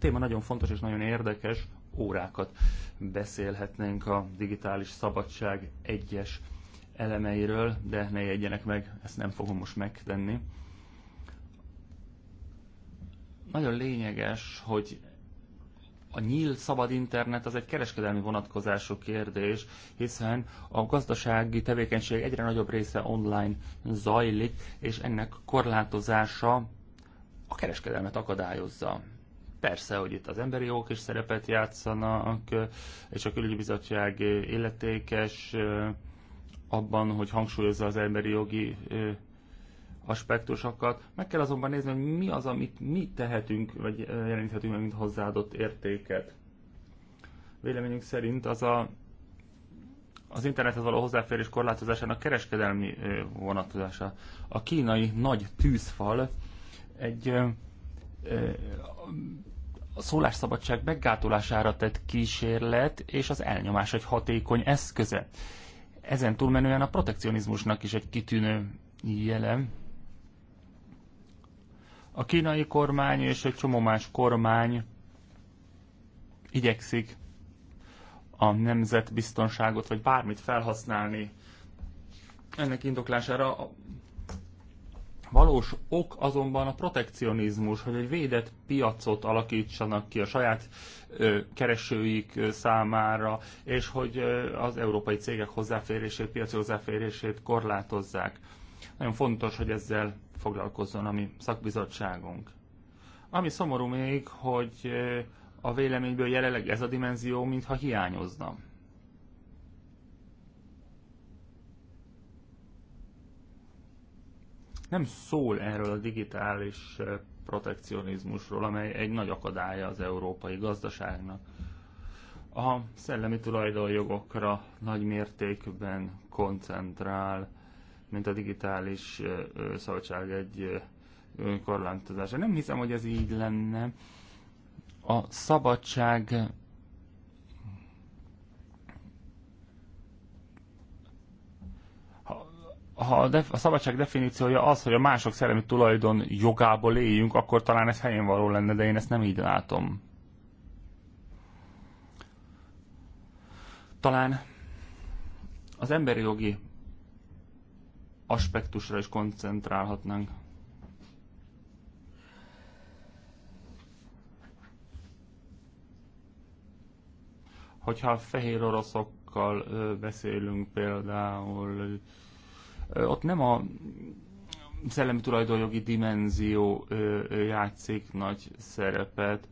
B: téma nagyon fontos és nagyon érdekes, órákat beszélhetnénk a digitális szabadság egyes elemeiről, de ne jegyenek meg, ezt nem fogom most megtenni. Nagyon lényeges, hogy a nyílt szabad internet az egy kereskedelmi vonatkozású kérdés, hiszen a gazdasági tevékenység egyre nagyobb része online zajlik, és ennek korlátozása a kereskedelmet akadályozza. Persze, hogy itt az emberi jogok is szerepet játszanak, és a bizottság illetékes abban, hogy hangsúlyozza az emberi jogi aspektusokat. Meg kell azonban nézni, hogy mi az, amit mi tehetünk, vagy jeleníthetünk meg, mint hozzáadott értéket. Véleményünk szerint az a az internethez való hozzáférés korlátozásának kereskedelmi vonatkozása. A kínai nagy tűzfal egy a szólásszabadság meggátolására tett kísérlet és az elnyomás egy hatékony eszköze. Ezen túlmenően a protekcionizmusnak is egy kitűnő jele. A kínai kormány és egy csomó más kormány igyekszik a nemzetbiztonságot, vagy bármit felhasználni ennek indoklására Valós ok azonban a protekcionizmus, hogy egy védett piacot alakítsanak ki a saját ö, keresőik ö, számára, és hogy ö, az európai cégek hozzáférését, piaci hozzáférését korlátozzák. Nagyon fontos, hogy ezzel foglalkozzon a mi szakbizottságunk. Ami szomorú még, hogy ö, a véleményből jelenleg ez a dimenzió, mintha hiányozna. nem szól erről a digitális protekcionizmusról, amely egy nagy akadálya az európai gazdaságnak. A szellemi tulajdonjogokra nagy mértékben koncentrál, mint a digitális szabadság egy korlátozása. Nem hiszem, hogy ez így lenne. A szabadság ha a, def- a szabadság definíciója az, hogy a mások szellemi tulajdon jogából éljünk, akkor talán ez helyén való lenne, de én ezt nem így látom. Talán az emberi jogi aspektusra is koncentrálhatnánk. Hogyha fehér oroszokkal beszélünk például, ott nem a szellemi tulajdonjogi dimenzió játszik nagy szerepet,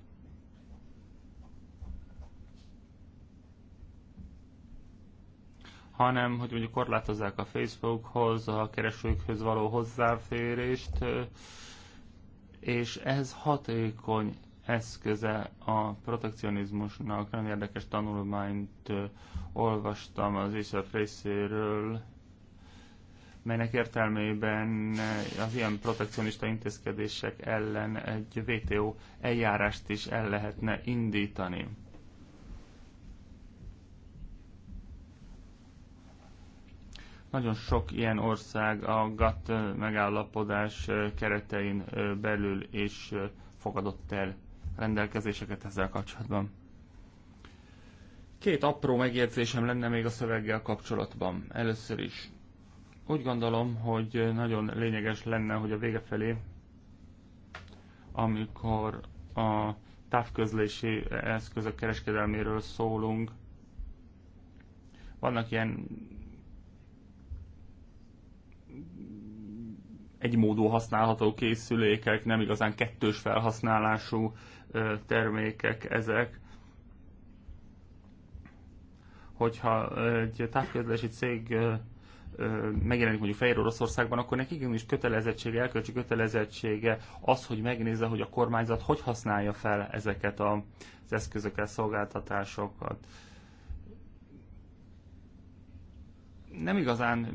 B: hanem hogy mondjuk korlátozzák a Facebookhoz, a keresőkhöz való hozzáférést, és ez hatékony eszköze a protekcionizmusnak. Nagyon érdekes tanulmányt olvastam az ISAF részéről, melynek értelmében az ilyen protekcionista intézkedések ellen egy WTO eljárást is el lehetne indítani. Nagyon sok ilyen ország a GATT megállapodás keretein belül is fogadott el rendelkezéseket ezzel kapcsolatban. Két apró megjegyzésem lenne még a szöveggel kapcsolatban. Először is úgy gondolom, hogy nagyon lényeges lenne, hogy a vége felé, amikor a távközlési eszközök kereskedelméről szólunk, vannak ilyen egymódú használható készülékek, nem igazán kettős felhasználású termékek ezek. Hogyha egy távközlési cég megjelenik mondjuk Fehér Oroszországban, akkor nekik is kötelezettsége, elkölcsi kötelezettsége az, hogy megnézze, hogy a kormányzat hogy használja fel ezeket az eszközöket, szolgáltatásokat. Nem igazán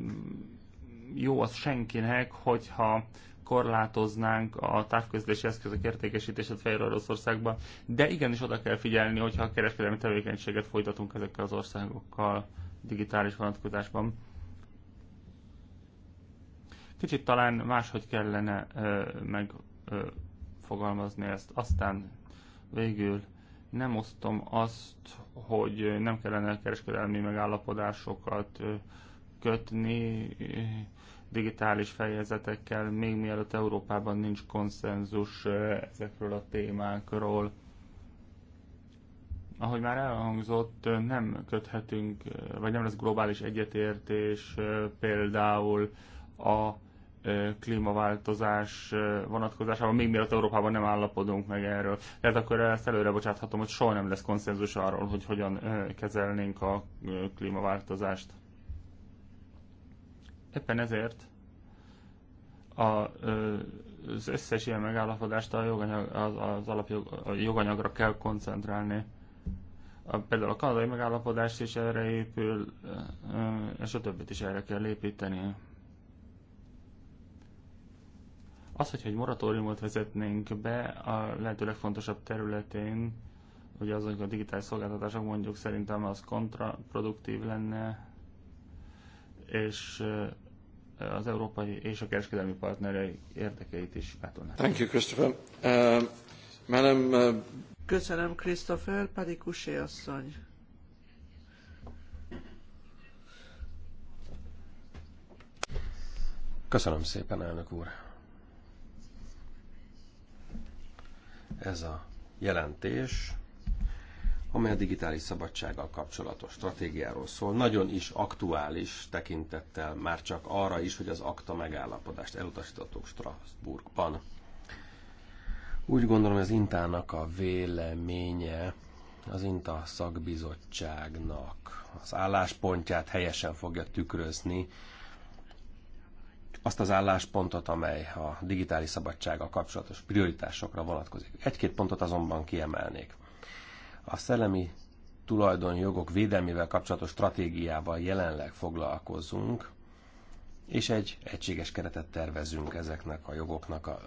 B: jó az senkinek, hogyha korlátoznánk a távközlési eszközök értékesítését Fehér Oroszországban, de igenis oda kell figyelni, hogyha a kereskedelmi tevékenységet folytatunk ezekkel az országokkal digitális vonatkozásban. Kicsit talán máshogy kellene megfogalmazni ezt. Aztán végül nem osztom azt, hogy nem kellene kereskedelmi megállapodásokat kötni digitális fejezetekkel, még mielőtt Európában nincs konszenzus ezekről a témákról. Ahogy már elhangzott, nem köthetünk, vagy nem lesz globális egyetértés például a klímaváltozás vonatkozásában, még mielőtt Európában nem állapodunk meg erről. Tehát akkor ezt előre bocsáthatom, hogy soha nem lesz konszenzus arról, hogy hogyan kezelnénk a klímaváltozást. Éppen ezért a, az összes ilyen megállapodást a joganyag, az, az alapjog, a joganyagra kell koncentrálni. A, például a kanadai megállapodást is erre épül, és a többet is erre kell építeni. Az, hogyha egy moratóriumot vezetnénk be a lehető legfontosabb területén, ugye azok a digitális szolgáltatások mondjuk szerintem az kontraproduktív lenne, és eh, az európai és a kereskedelmi partnerei érdekeit is gátolná. Thank you,
A: Christopher. Uh, madam, uh... Köszönöm, Christopher. Pedig Kusé asszony.
C: Köszönöm szépen, elnök úr. ez a jelentés, amely a digitális szabadsággal kapcsolatos stratégiáról szól, nagyon is aktuális tekintettel már csak arra is, hogy az akta megállapodást elutasítottuk Strasbourgban. Úgy gondolom, ez Intának a véleménye az Inta szakbizottságnak az álláspontját helyesen fogja tükrözni azt az álláspontot, amely a digitális szabadsággal kapcsolatos prioritásokra vonatkozik. Egy-két pontot azonban kiemelnék. A szellemi tulajdonjogok védelmével kapcsolatos stratégiával jelenleg foglalkozunk, és egy egységes keretet tervezünk ezeknek a jogoknak a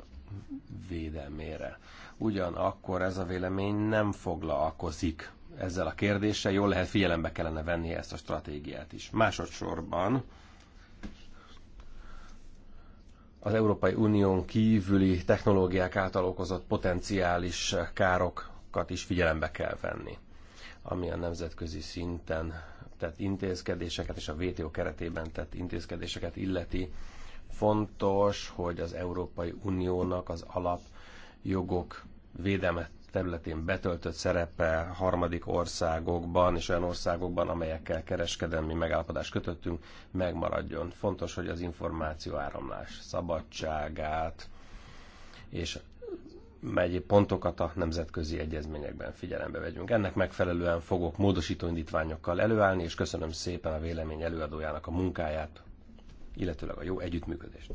C: védelmére. Ugyanakkor ez a vélemény nem foglalkozik ezzel a kérdéssel, jól lehet figyelembe kellene venni ezt a stratégiát is. Másodszorban az Európai Unión kívüli technológiák által okozott potenciális károkat is figyelembe kell venni, ami a nemzetközi szinten tett intézkedéseket és a WTO keretében tett intézkedéseket illeti. Fontos, hogy az Európai Uniónak az alapjogok védelmet területén betöltött szerepe harmadik országokban és olyan országokban, amelyekkel kereskedelmi megállapodást kötöttünk, megmaradjon. Fontos, hogy az információ áramlás szabadságát és mely pontokat a nemzetközi egyezményekben figyelembe vegyünk. Ennek megfelelően fogok módosító indítványokkal előállni, és köszönöm szépen a vélemény előadójának a munkáját, illetőleg a jó együttműködést.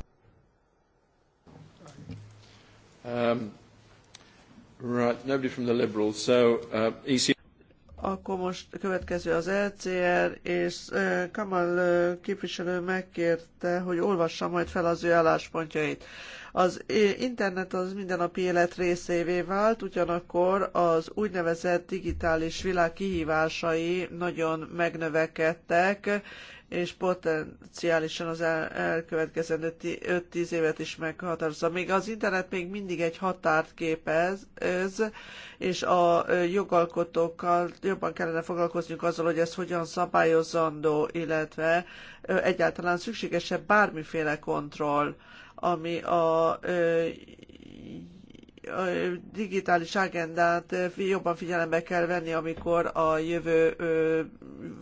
A: Um. Right, nobody from the Liberals, so uh, EC... Akkor most következő az LCR, e és Kamal képviselő megkérte, hogy olvassa majd fel az ő álláspontjait. Az internet az mindennapi élet részévé vált, ugyanakkor az úgynevezett digitális világ kihívásai nagyon megnövekedtek, és potenciálisan az el, elkövetkezendő 5-10 évet is meghatározza. Még az internet még mindig egy határt képez, ez, és a jogalkotókkal jobban kellene foglalkoznunk azzal, hogy ez hogyan szabályozandó, illetve egyáltalán szükségesebb bármiféle kontroll, ami a digitális agendát jobban figyelembe kell venni, amikor a jövő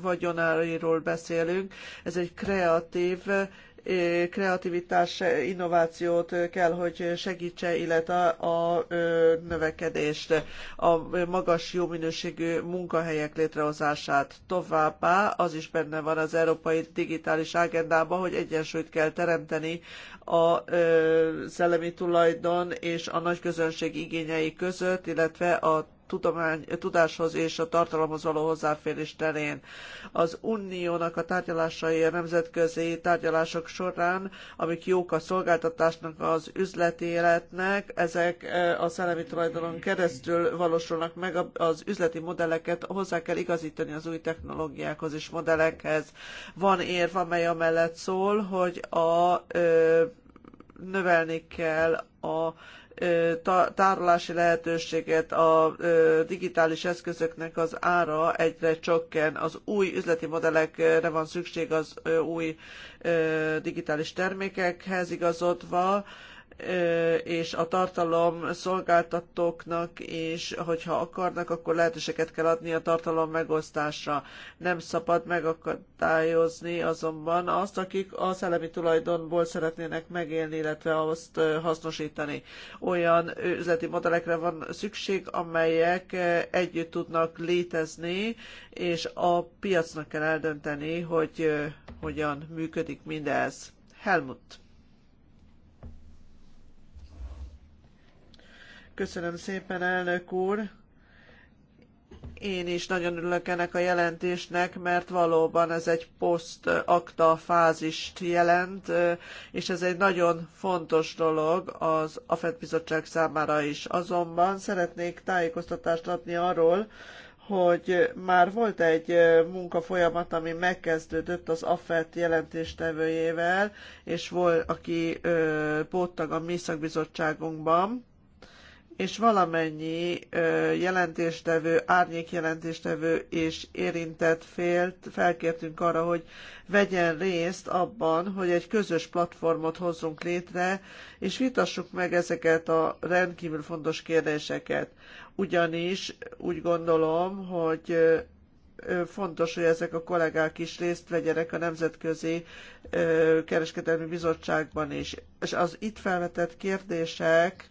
A: vagyonáról beszélünk. Ez egy kreatív kreativitás, innovációt kell, hogy segítse, illetve a növekedést, a magas jó minőségű munkahelyek létrehozását. Továbbá az is benne van az Európai Digitális Agendában, hogy egyensúlyt kell teremteni a szellemi tulajdon és a nagyközönség igényei között, illetve a tudomány, tudáshoz és a tartalomhoz való hozzáférés terén. Az uniónak a tárgyalásai a nemzetközi tárgyalások során, amik jók a szolgáltatásnak, az üzleti életnek, ezek e, a szellemi tulajdonon keresztül valósulnak meg, az üzleti modelleket hozzá kell igazítani az új technológiákhoz és modellekhez. Van érv, amely amellett szól, hogy a növelni kell a tárolási lehetőséget, a digitális eszközöknek az ára egyre csökken. Az új üzleti modellekre van szükség az új digitális termékekhez igazodva, és a tartalom szolgáltatóknak is, hogyha akarnak, akkor lehetőséget kell adni a tartalom megosztásra. Nem szabad megakadályozni azonban azt, akik a szellemi tulajdonból szeretnének megélni, illetve azt hasznosítani. Olyan üzleti modellekre van szükség, amelyek együtt tudnak létezni, és a piacnak kell eldönteni, hogy hogyan működik mindez. Helmut. Köszönöm szépen, elnök úr! Én is nagyon örülök ennek a jelentésnek, mert valóban ez egy post-akta fázist jelent, és ez egy nagyon fontos dolog az AFET bizottság számára is. Azonban szeretnék tájékoztatást adni arról, hogy már volt egy munkafolyamat, ami megkezdődött az AFET jelentéstevőjével, és volt, aki ö, a mi szakbizottságunkban, és valamennyi jelentéstevő, árnyék jelentéstevő és érintett félt felkértünk arra, hogy vegyen részt abban, hogy egy közös platformot hozzunk létre, és vitassuk meg ezeket a rendkívül fontos kérdéseket. Ugyanis úgy gondolom, hogy fontos, hogy ezek a kollégák is részt vegyenek a Nemzetközi Kereskedelmi Bizottságban is. És az itt felvetett kérdések,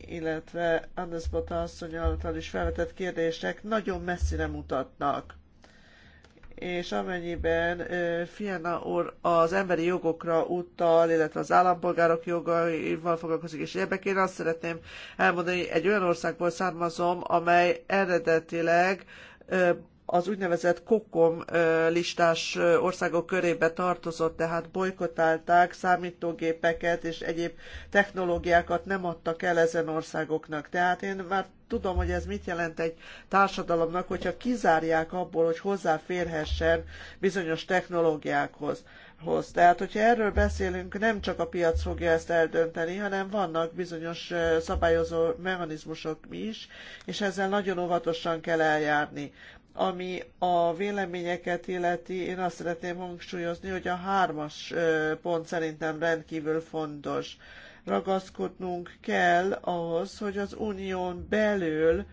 A: illetve Anders Bata asszony által is felvetett kérdések nagyon messzire mutatnak. És amennyiben Fiana úr az emberi jogokra utal, illetve az állampolgárok jogaival foglalkozik, és ebbek én azt szeretném elmondani, egy olyan országból származom, amely eredetileg az úgynevezett kokom listás országok körébe tartozott, tehát bolykotálták, számítógépeket és egyéb technológiákat nem adtak el ezen országoknak. Tehát én már tudom, hogy ez mit jelent egy társadalomnak, hogyha kizárják abból, hogy hozzáférhessen bizonyos technológiákhoz hoz. Tehát, hogyha erről beszélünk, nem csak a piac fogja ezt eldönteni, hanem vannak bizonyos szabályozó mechanizmusok is, és ezzel nagyon óvatosan kell eljárni. Ami a véleményeket illeti, én azt szeretném hangsúlyozni, hogy a hármas pont szerintem rendkívül fontos. Ragaszkodnunk kell ahhoz, hogy az unión belül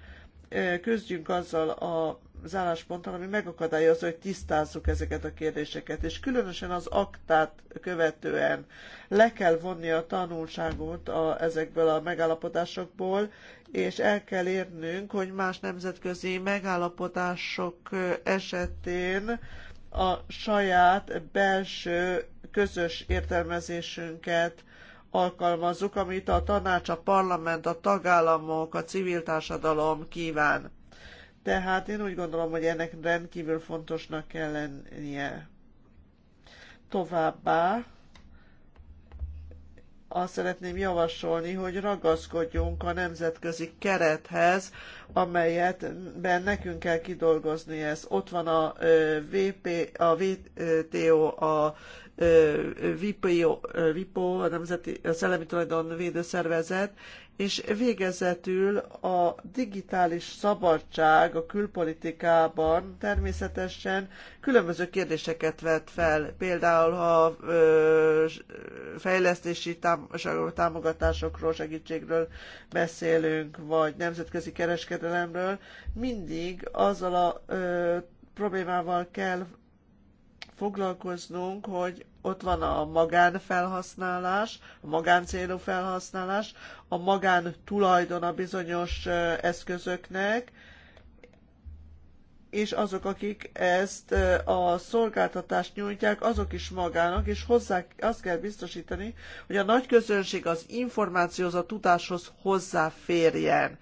A: küzdjünk azzal a az állásponton, ami megakadályozza, hogy tisztázzuk ezeket a kérdéseket, és különösen az aktát követően le kell vonni a tanulságot a, ezekből a megállapodásokból, és el kell érnünk, hogy más nemzetközi megállapodások esetén a saját belső közös értelmezésünket alkalmazzuk, amit a tanács, a parlament, a tagállamok, a civil társadalom kíván tehát én úgy gondolom, hogy ennek rendkívül fontosnak kell lennie. Továbbá azt szeretném javasolni, hogy ragaszkodjunk a nemzetközi kerethez, amelyet ben nekünk kell kidolgozni ez. Ott van a, VP, a VTO, a VPO, a Nemzeti a Szellemi Tulajdon Védőszervezet, és végezetül a digitális szabadság a külpolitikában természetesen különböző kérdéseket vet fel, például ha ö, fejlesztési támogatásokról, segítségről beszélünk, vagy nemzetközi kereskedelemről, mindig azzal a ö, problémával kell foglalkoznunk, hogy ott van a magánfelhasználás, a magáncélú felhasználás, a magán tulajdon a bizonyos eszközöknek, és azok, akik ezt a szolgáltatást nyújtják, azok is magának, és hozzá azt kell biztosítani, hogy a nagy közönség az információhoz, a tudáshoz hozzáférjen.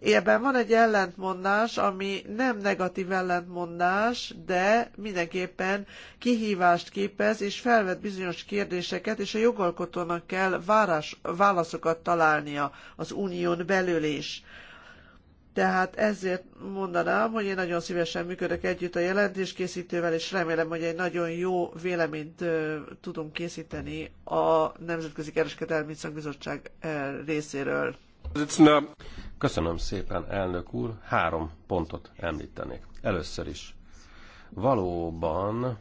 A: Ebben van egy ellentmondás, ami nem negatív ellentmondás, de mindenképpen kihívást képez, és felvet bizonyos kérdéseket, és a jogalkotónak kell várás, válaszokat találnia az unión belül is. Tehát ezért mondanám, hogy én nagyon szívesen működök együtt a jelentéskészítővel, és remélem, hogy egy nagyon jó véleményt tudunk készíteni a Nemzetközi Kereskedelmi Szakbizottság részéről.
C: Köszönöm szépen, elnök úr. Három pontot említenék. Először is. Valóban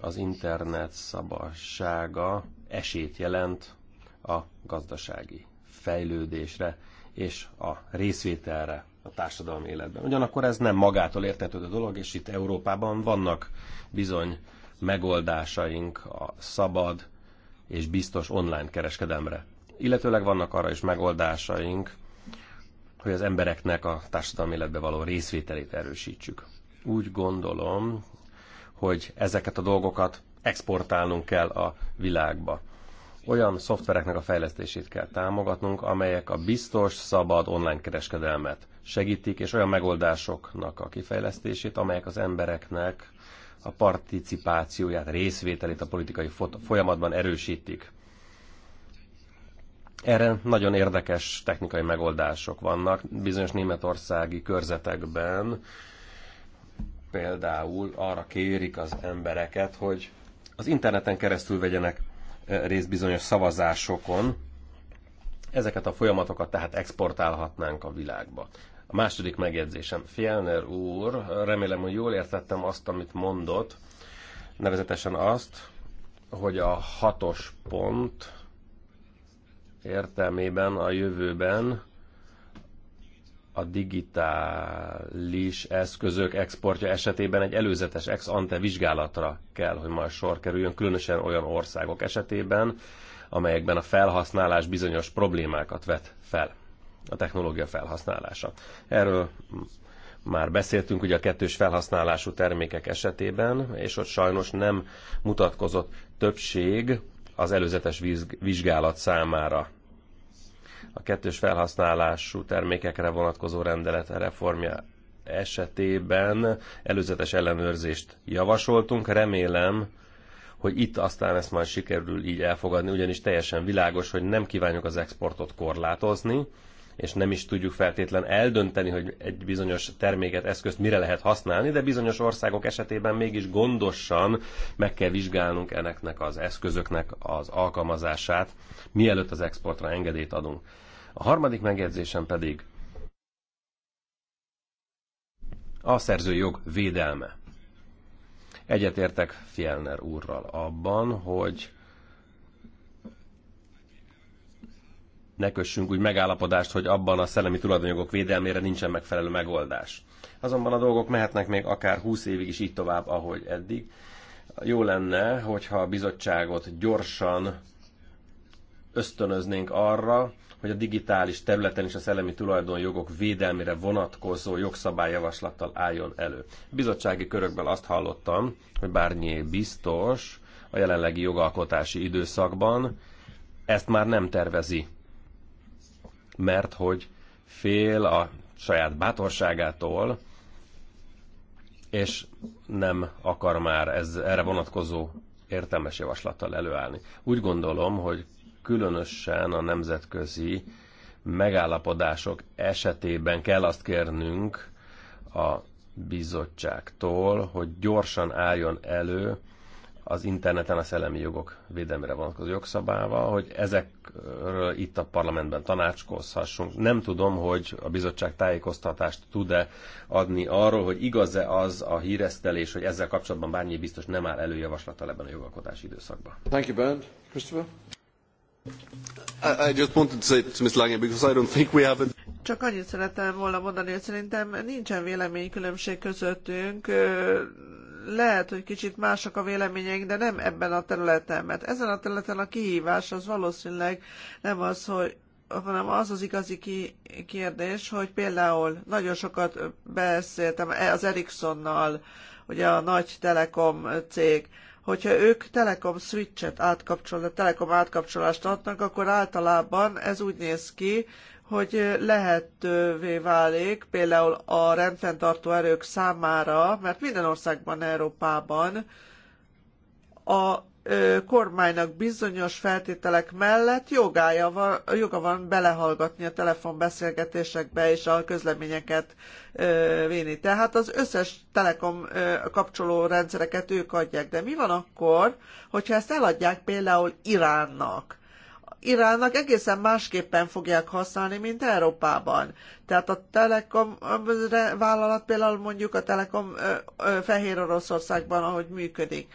C: az internet szabadsága esélyt jelent a gazdasági fejlődésre és a részvételre a társadalmi életben. Ugyanakkor ez nem magától értetődő dolog, és itt Európában vannak bizony megoldásaink a szabad és biztos online kereskedemre illetőleg vannak arra is megoldásaink, hogy az embereknek a társadalmi életbe való részvételét erősítsük. Úgy gondolom, hogy ezeket a dolgokat exportálnunk kell a világba. Olyan szoftvereknek a fejlesztését kell támogatnunk, amelyek a biztos, szabad online kereskedelmet segítik, és olyan megoldásoknak a kifejlesztését, amelyek az embereknek a participációját, részvételét a politikai folyamatban erősítik. Erre nagyon érdekes technikai megoldások vannak. Bizonyos németországi körzetekben például arra kérik az embereket, hogy az interneten keresztül vegyenek eh, részt bizonyos szavazásokon. Ezeket a folyamatokat tehát exportálhatnánk a világba. A második megjegyzésem. Fjellner úr, remélem, hogy jól értettem azt, amit mondott, nevezetesen azt, hogy a hatos pont értelmében a jövőben a digitális eszközök exportja esetében egy előzetes ex ante vizsgálatra kell, hogy majd sor kerüljön, különösen olyan országok esetében, amelyekben a felhasználás bizonyos problémákat vet fel, a technológia felhasználása. Erről már beszéltünk ugye a kettős felhasználású termékek esetében, és ott sajnos nem mutatkozott többség az előzetes vizsgálat számára a kettős felhasználású termékekre vonatkozó rendelet reformja esetében előzetes ellenőrzést javasoltunk. Remélem, hogy itt aztán ezt majd sikerül így elfogadni, ugyanis teljesen világos, hogy nem kívánjuk az exportot korlátozni, és nem is tudjuk feltétlen eldönteni, hogy egy bizonyos terméket, eszközt mire lehet használni, de bizonyos országok esetében mégis gondosan meg kell vizsgálnunk eneknek az eszközöknek az alkalmazását, mielőtt az exportra engedélyt adunk. A harmadik megjegyzésem pedig a szerzőjog védelme. Egyetértek Fielner úrral abban, hogy ne kössünk úgy megállapodást, hogy abban a szellemi tulajdonjogok védelmére nincsen megfelelő megoldás. Azonban a dolgok mehetnek még akár 20 évig is így tovább, ahogy eddig. Jó lenne, hogyha a bizottságot gyorsan ösztönöznénk arra, hogy a digitális területen is a szellemi tulajdonjogok védelmére vonatkozó jogszabályjavaslattal álljon elő. Bizottsági körökben azt hallottam, hogy bárnyi biztos a jelenlegi jogalkotási időszakban ezt már nem tervezi, mert hogy fél a saját bátorságától, és nem akar már ez, erre vonatkozó értelmes javaslattal előállni. Úgy gondolom, hogy különösen a nemzetközi megállapodások esetében kell azt kérnünk a bizottságtól, hogy gyorsan álljon elő az interneten a szellemi jogok védelmére vonatkozó jogszabával, hogy ezekről itt a parlamentben tanácskozhassunk. Nem tudom, hogy a bizottság tájékoztatást tud-e adni arról, hogy igaz-e az a híresztelés, hogy ezzel kapcsolatban bármilyen biztos nem áll előjavaslattal ebben a jogalkotási időszakban.
A: Thank you, Bernd. Christopher? Csak annyit szerettem volna mondani, hogy szerintem nincsen véleménykülönbség közöttünk. Lehet, hogy kicsit mások a véleményeink, de nem ebben a területen, mert ezen a területen a kihívás az valószínűleg nem az, hogy hanem az az igazi kérdés, hogy például nagyon sokat beszéltem az Ericssonnal, ugye a nagy telekom cég, hogyha ők Telekom switchet átkapcsolnak, Telekom átkapcsolást adnak, akkor általában ez úgy néz ki, hogy lehetővé válik például a rendfenntartó erők számára, mert minden országban, Európában a kormánynak bizonyos feltételek mellett jogája van, joga van belehallgatni a telefonbeszélgetésekbe és a közleményeket véni. Tehát az összes telekom kapcsoló rendszereket ők adják. De mi van akkor, hogyha ezt eladják például Iránnak? Iránnak egészen másképpen fogják használni, mint Európában. Tehát a Telekom vállalat például mondjuk a Telekom Fehér Oroszországban, ahogy működik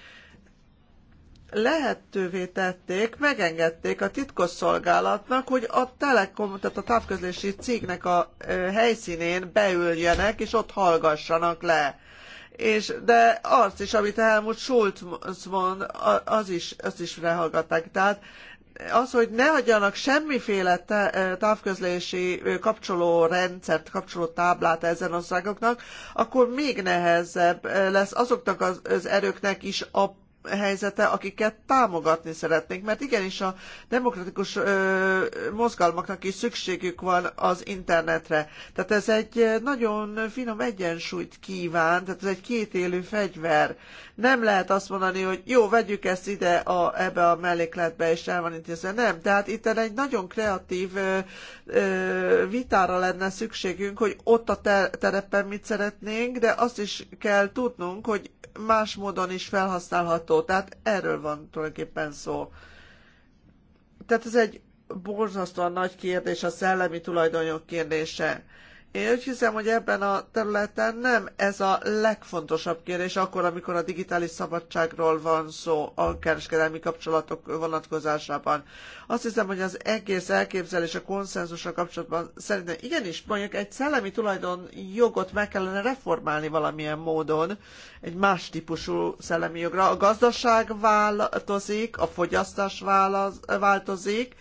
A: lehetővé tették, megengedték a titkosszolgálatnak, hogy a telekom, tehát a távközlési cégnek a helyszínén beüljenek, és ott hallgassanak le. És, de azt is, amit Helmut Schulz mond, az is, azt is lehallgatták. Tehát az, hogy ne adjanak semmiféle távközlési kapcsoló rendszert, kapcsoló táblát ezen országoknak, akkor még nehezebb lesz azoknak az, erőknek is a helyzete, akiket támogatni szeretnénk, mert igenis a demokratikus ö, mozgalmaknak is szükségük van az internetre. Tehát ez egy nagyon finom egyensúlyt kíván, tehát ez egy kétélű fegyver. Nem lehet azt mondani, hogy jó, vegyük ezt ide a, ebbe a mellékletbe, és el van intézve. Nem, tehát itt egy nagyon kreatív ö, vitára lenne szükségünk, hogy ott a terepen mit szeretnénk, de azt is kell tudnunk, hogy más módon is felhasználható. Tehát erről van tulajdonképpen szó. Tehát ez egy borzasztóan nagy kérdés, a szellemi tulajdonjog kérdése. Én úgy hiszem, hogy ebben a területen nem ez a legfontosabb kérdés, akkor, amikor a digitális szabadságról van szó a kereskedelmi kapcsolatok vonatkozásában. Azt hiszem, hogy az egész elképzelés a konszenzusra kapcsolatban szerintem igenis mondjuk egy szellemi tulajdon jogot meg kellene reformálni valamilyen módon, egy más típusú szellemi jogra. A gazdaság változik, a fogyasztás változik,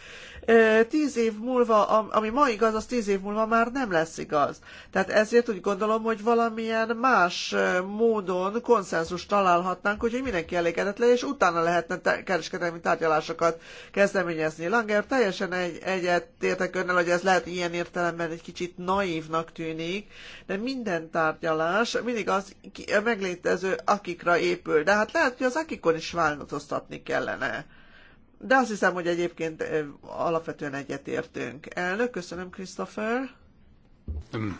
A: tíz év múlva, ami ma igaz, az tíz év múlva már nem lesz igaz. Tehát ezért úgy gondolom, hogy valamilyen más módon konszenzus találhatnánk, hogy mindenki elégedett le, és utána lehetne kereskedelmi tárgyalásokat kezdeményezni. Langer, teljesen egy, egyet értek önnel, hogy ez lehet ilyen értelemben egy kicsit naívnak tűnik, de minden tárgyalás mindig az meglétező akikra épül. De hát lehet, hogy az akikon is változtatni kellene de azt hiszem, hogy egyébként alapvetően egyetértünk. Elnök, köszönöm, Christopher.
C: Hm,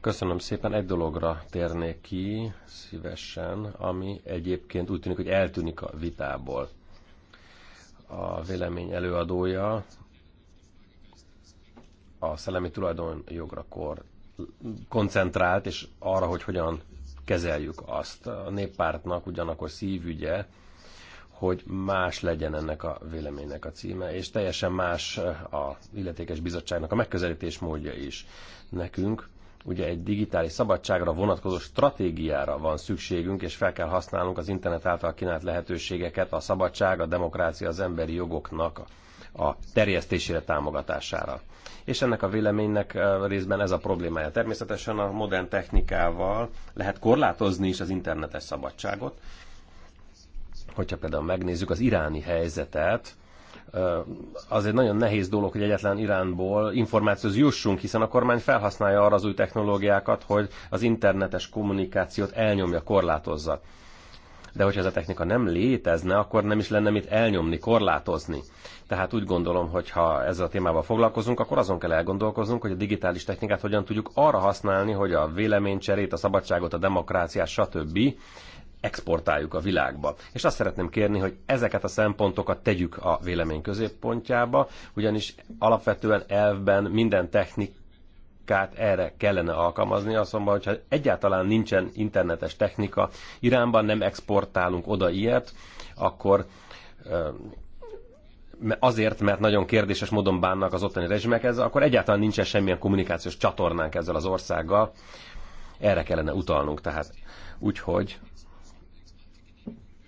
C: köszönöm szépen. Egy dologra térnék ki szívesen, ami egyébként úgy tűnik, hogy eltűnik a vitából. A vélemény előadója a szellemi tulajdonjogra kor koncentrált, és arra, hogy hogyan kezeljük azt. A néppártnak ugyanakkor szívügye, hogy más legyen ennek a véleménynek a címe, és teljesen más eh, a illetékes bizottságnak a megközelítés módja is nekünk. Ugye egy digitális szabadságra vonatkozó stratégiára van szükségünk, és fel kell használnunk az internet által kínált lehetőségeket a szabadság, a demokrácia, az emberi jogoknak a terjesztésére, támogatására. És ennek a véleménynek eh, részben ez a problémája. Természetesen a modern technikával lehet korlátozni is az internetes szabadságot, Hogyha például megnézzük az iráni helyzetet, az egy nagyon nehéz dolog, hogy egyetlen Iránból információhoz jussunk, hiszen a kormány felhasználja arra az új technológiákat, hogy az internetes kommunikációt elnyomja, korlátozza. De hogyha ez a technika nem létezne, akkor nem is lenne mit elnyomni, korlátozni. Tehát úgy gondolom, hogy ha ezzel a témával foglalkozunk, akkor azon kell elgondolkoznunk, hogy a digitális technikát hogyan tudjuk arra használni, hogy a véleménycserét, a szabadságot, a demokráciát, stb exportáljuk a világba. És azt szeretném kérni, hogy ezeket a szempontokat tegyük a vélemény középpontjába, ugyanis alapvetően elvben minden technik technikát erre kellene alkalmazni, azonban, hogyha egyáltalán nincsen internetes technika, Iránban nem exportálunk oda ilyet, akkor azért, mert nagyon kérdéses módon bánnak az ottani rezsimek ezzel, akkor egyáltalán nincsen semmilyen kommunikációs csatornánk ezzel az országgal. Erre kellene utalnunk tehát. Úgyhogy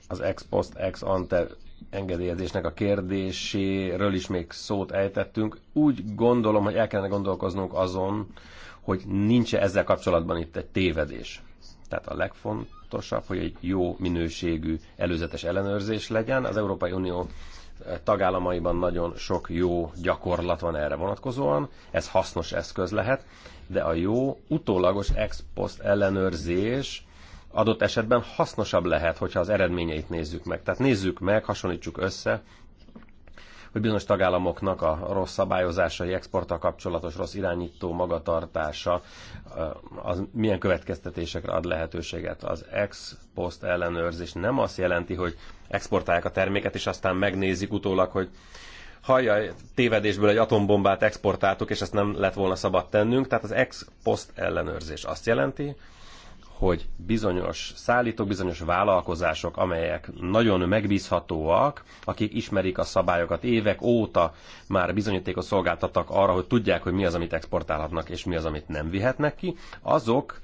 C: az ex post ex ante engedélyezésnek a kérdéséről is még szót ejtettünk. Úgy gondolom, hogy el kellene gondolkoznunk azon, hogy nincs -e ezzel kapcsolatban itt egy tévedés. Tehát a legfontosabb, hogy egy jó minőségű előzetes ellenőrzés legyen. Az Európai Unió tagállamaiban nagyon sok jó gyakorlat van erre vonatkozóan, ez hasznos eszköz lehet, de a jó utólagos ex post ellenőrzés adott esetben hasznosabb lehet, hogyha az eredményeit nézzük meg. Tehát nézzük meg, hasonlítsuk össze, hogy bizonyos tagállamoknak a rossz szabályozásai, exporttal kapcsolatos rossz irányító magatartása az milyen következtetésekre ad lehetőséget. Az ex post ellenőrzés nem azt jelenti, hogy exportálják a terméket, és aztán megnézik utólag, hogy hallja, tévedésből egy atombombát exportáltuk, és ezt nem lett volna szabad tennünk. Tehát az ex post ellenőrzés azt jelenti, hogy bizonyos szállítók, bizonyos vállalkozások, amelyek nagyon megbízhatóak, akik ismerik a szabályokat évek óta, már bizonyítékot szolgáltattak arra, hogy tudják, hogy mi az, amit exportálhatnak, és mi az, amit nem vihetnek ki, azok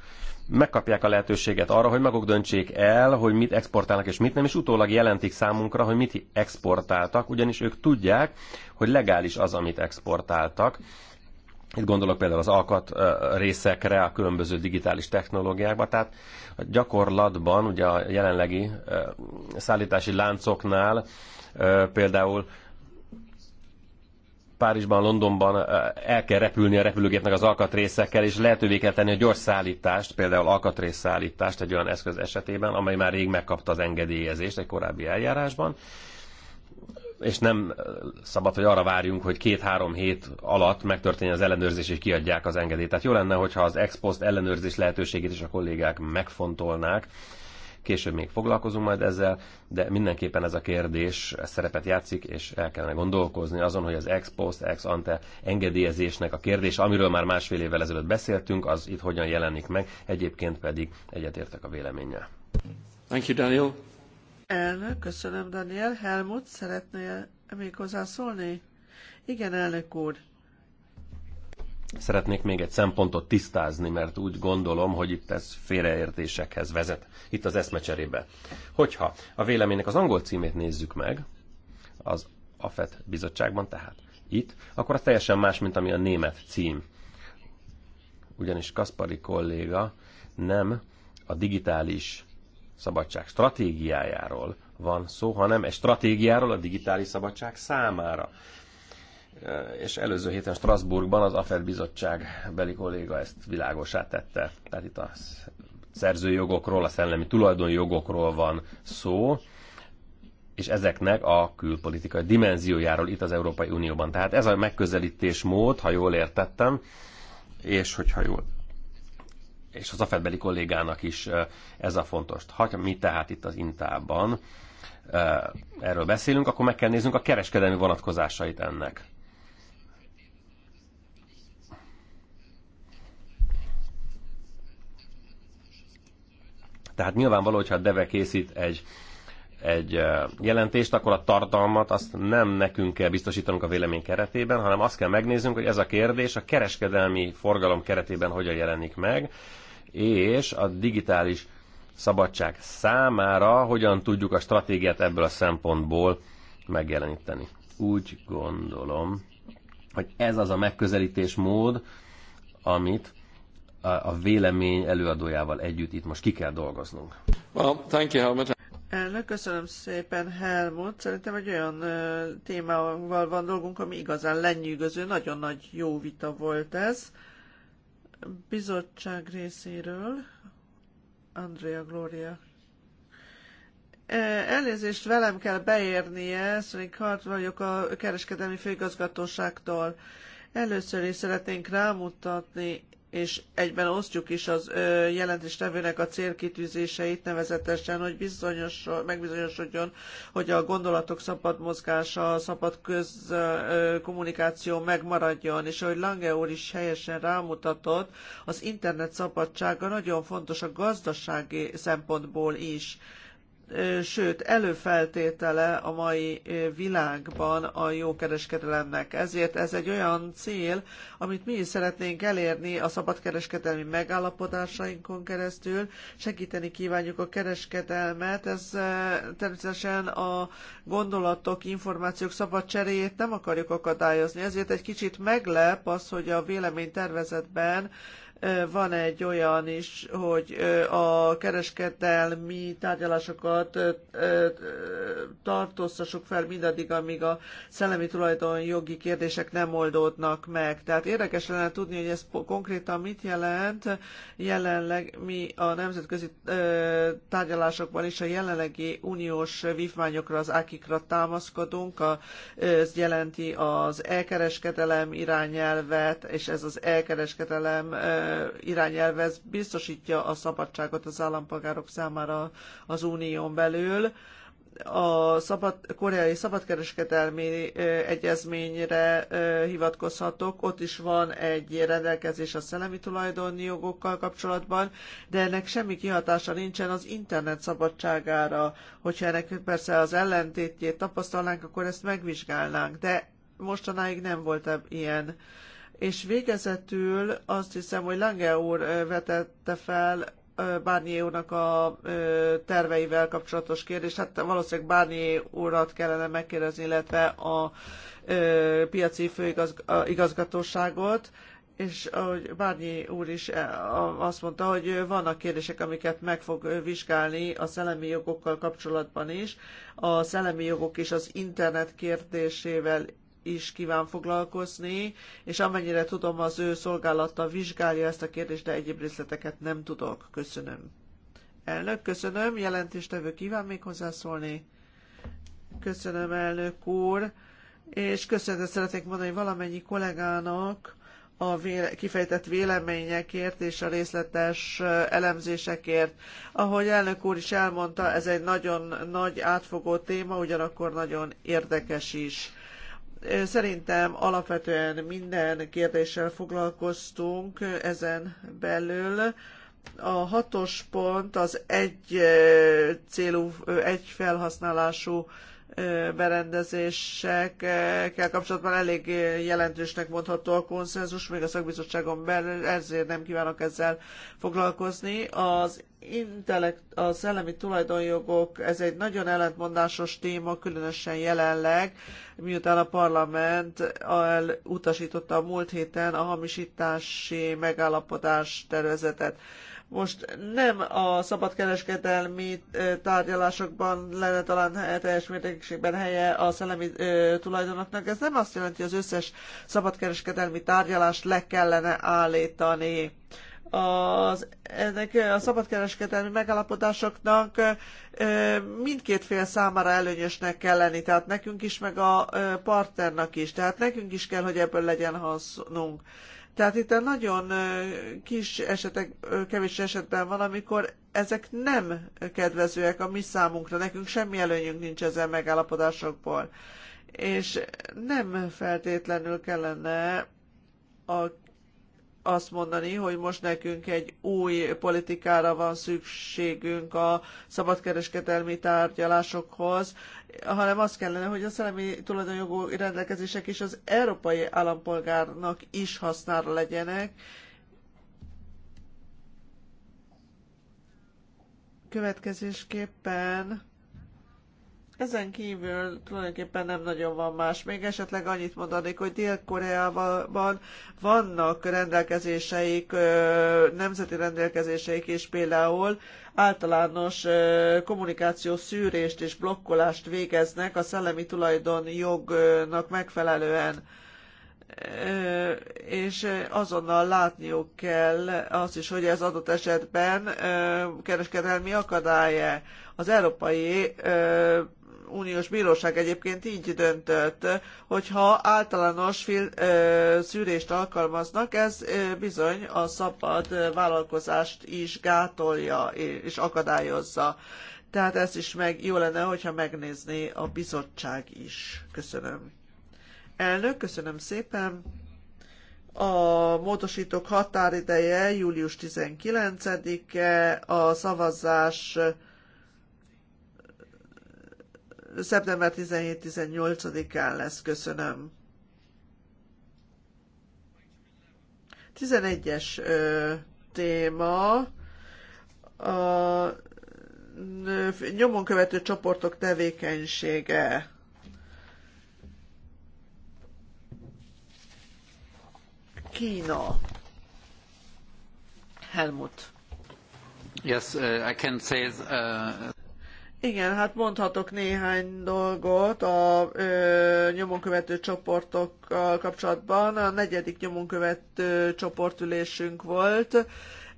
C: megkapják a lehetőséget arra, hogy maguk döntsék el, hogy mit exportálnak és mit nem, és utólag jelentik számunkra, hogy mit exportáltak, ugyanis ők tudják, hogy legális az, amit exportáltak, itt gondolok például az alkat részekre, a különböző digitális technológiákba, tehát a gyakorlatban ugye a jelenlegi szállítási láncoknál például Párizsban, Londonban el kell repülni a repülőgépnek az alkatrészekkel, és lehetővé kell tenni a gyors szállítást, például alkatrészszállítást egy olyan eszköz esetében, amely már rég megkapta az engedélyezést egy korábbi eljárásban, és nem szabad, hogy arra várjunk, hogy két-három hét alatt megtörténjen az ellenőrzés, és kiadják az engedélyt. Tehát jó lenne, hogyha az ex post ellenőrzés lehetőségét is a kollégák megfontolnák. Később még foglalkozunk majd ezzel, de mindenképpen ez a kérdés szerepet játszik, és el kellene gondolkozni azon, hogy az ex post, ex ante engedélyezésnek a kérdés, amiről már másfél évvel ezelőtt beszéltünk, az itt hogyan jelenik meg, egyébként pedig egyetértek a véleménnyel. Thank you, Daniel.
A: Elnök, köszönöm Daniel. Helmut, szeretnél még hozzászólni? Igen, elnök úr.
C: Szeretnék még egy szempontot tisztázni, mert úgy gondolom, hogy itt ez félreértésekhez vezet, itt az eszmecserébe. Hogyha a véleménynek az angol címét nézzük meg, az AFET bizottságban tehát itt, akkor az teljesen más, mint ami a német cím. Ugyanis Kaspari kolléga nem a digitális szabadság stratégiájáról van szó, hanem egy stratégiáról a digitális szabadság számára. És előző héten Strasbourgban az AFED bizottság beli kolléga ezt világosát tette. Tehát itt a szerzőjogokról, a szellemi tulajdonjogokról van szó, és ezeknek a külpolitikai dimenziójáról itt az Európai Unióban. Tehát ez a megközelítés mód, ha jól értettem, és hogyha jól és az afedbeli kollégának is ez a fontos. Ha mi tehát itt az Intában erről beszélünk, akkor meg kell néznünk a kereskedelmi vonatkozásait ennek. Tehát nyilvánvaló, hogyha a Deve készít egy, egy jelentést, akkor a tartalmat azt nem nekünk kell biztosítanunk a vélemény keretében, hanem azt kell megnéznünk, hogy ez a kérdés a kereskedelmi forgalom keretében hogyan jelenik meg, és a digitális szabadság számára hogyan tudjuk a stratégiát ebből a szempontból megjeleníteni. Úgy gondolom, hogy ez az a megközelítés mód, amit a vélemény előadójával együtt itt most ki kell
A: dolgoznunk. Well, thank you, Helmut. Elnök, köszönöm szépen, Helmut. Szerintem egy olyan ö, témával van dolgunk, ami igazán lenyűgöző. Nagyon nagy jó vita volt ez bizottság részéről, Andrea Gloria. E, elnézést velem kell beérnie, Szönik Hart vagyok a kereskedelmi főigazgatóságtól. Először is szeretnénk rámutatni és egyben osztjuk is az jelentéstevőnek a célkitűzéseit, nevezetesen, hogy bizonyos, megbizonyosodjon, hogy a gondolatok szabad mozgása, a szabad köz, kommunikáció megmaradjon, és ahogy Lange úr is helyesen rámutatott, az internet szabadsága nagyon fontos a gazdasági szempontból is sőt előfeltétele a mai világban a jó kereskedelemnek. Ezért ez egy olyan cél, amit mi is szeretnénk elérni a szabadkereskedelmi megállapodásainkon keresztül. Segíteni kívánjuk a kereskedelmet. Ez természetesen a gondolatok, információk szabad cseréjét nem akarjuk akadályozni. Ezért egy kicsit meglep az, hogy a véleménytervezetben van egy olyan is, hogy a kereskedelmi tárgyalásokat tartóztassuk fel mindaddig, amíg a szellemi tulajdon jogi kérdések nem oldódnak meg. Tehát érdekes lenne tudni, hogy ez konkrétan mit jelent jelenleg mi a nemzetközi tárgyalásokban is a jelenlegi uniós vívmányokra, az ákikra támaszkodunk, a, ez jelenti az elkereskedelem irányelvet, és ez az elkereskedelem irányelvez biztosítja a szabadságot az állampolgárok számára az unión belül. A szabad, koreai szabadkereskedelmi egyezményre hivatkozhatok, ott is van egy rendelkezés a szellemi tulajdoni jogokkal kapcsolatban, de ennek semmi kihatása nincsen az internet szabadságára. Hogyha ennek persze az ellentétjét tapasztalnánk, akkor ezt megvizsgálnánk, de mostanáig nem volt e- ilyen és végezetül azt hiszem, hogy Lange úr vetette fel Bárnyi úrnak a terveivel kapcsolatos kérdés. Hát valószínűleg Bárnyi úrat kellene megkérdezni, illetve a piaci főigazgatóságot, és ahogy Bárnyi úr is azt mondta, hogy vannak kérdések, amiket meg fog vizsgálni a szellemi jogokkal kapcsolatban is. A szellemi jogok és az internet kérdésével is kíván foglalkozni, és amennyire tudom, az ő szolgálata vizsgálja ezt a kérdést, de egyéb részleteket nem tudok. Köszönöm. Elnök, köszönöm. Jelentéstevő kíván még hozzászólni. Köszönöm, elnök úr. És köszönetet szeretnék mondani valamennyi kollégának a véle, kifejtett véleményekért és a részletes elemzésekért. Ahogy elnök úr is elmondta, ez egy nagyon nagy átfogó téma, ugyanakkor nagyon érdekes is Szerintem alapvetően minden kérdéssel foglalkoztunk ezen belül. A hatos pont az egy célú, egy felhasználású berendezésekkel kapcsolatban elég jelentősnek mondható a konszenzus, még a szakbizottságon belül, ezért nem kívánok ezzel foglalkozni. Az intellekt, a szellemi tulajdonjogok, ez egy nagyon ellentmondásos téma, különösen jelenleg, miután a parlament utasította a múlt héten a hamisítási megállapodás tervezetet. Most nem a szabadkereskedelmi tárgyalásokban lenne talán teljes mértékben helye a szellemi tulajdonoknak. Ez nem azt jelenti, hogy az összes szabadkereskedelmi tárgyalást le kellene állítani az, ennek a szabadkereskedelmi megállapodásoknak mindkét fél számára előnyösnek kell lenni, tehát nekünk is, meg a partnernak is. Tehát nekünk is kell, hogy ebből legyen hasznunk. Tehát itt nagyon kis esetek, kevés esetben van, amikor ezek nem kedvezőek a mi számunkra, nekünk semmi előnyünk nincs ezen megállapodásokból. És nem feltétlenül kellene a, azt mondani, hogy most nekünk egy új politikára van szükségünk a szabadkereskedelmi tárgyalásokhoz, hanem az kellene, hogy a szellemi tulajdonjogú rendelkezések is az európai állampolgárnak is hasznára legyenek. Következésképpen ezen kívül tulajdonképpen nem nagyon van más. Még esetleg annyit mondanék, hogy Dél-Koreában vannak rendelkezéseik, nemzeti rendelkezéseik is például általános kommunikáció szűrést és blokkolást végeznek a szellemi tulajdon jognak megfelelően és azonnal látniuk kell azt is, hogy ez adott esetben kereskedelmi akadálye. Az európai Uniós Bíróság egyébként így döntött, hogyha általános fil, ö, szűrést alkalmaznak, ez ö, bizony a szabad vállalkozást is gátolja és akadályozza. Tehát ez is meg jó lenne, hogyha megnézné a bizottság is. Köszönöm. Elnök, köszönöm szépen. A módosítók határideje július 19-e, a szavazás szeptember 17-18-án lesz. Köszönöm. 11-es téma a nyomon követő csoportok tevékenysége. Kína. Helmut.
C: Yes, uh, I can say. Uh...
A: Igen, hát mondhatok néhány dolgot a ö, nyomonkövető csoportokkal kapcsolatban. A negyedik nyomonkövető csoportülésünk volt.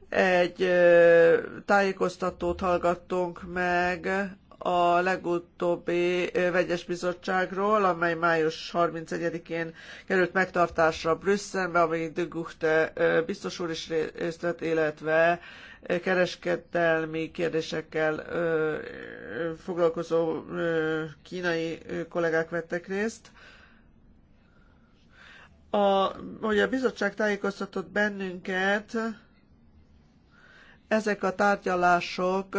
A: Egy ö, tájékoztatót hallgattunk meg a legutóbbi vegyes bizottságról, amely május 31-én került megtartásra Brüsszelbe, amely de biztos úr is részt vett, illetve kereskedelmi kérdésekkel foglalkozó kínai kollégák vettek részt. A, hogy a bizottság tájékoztatott bennünket, ezek a tárgyalások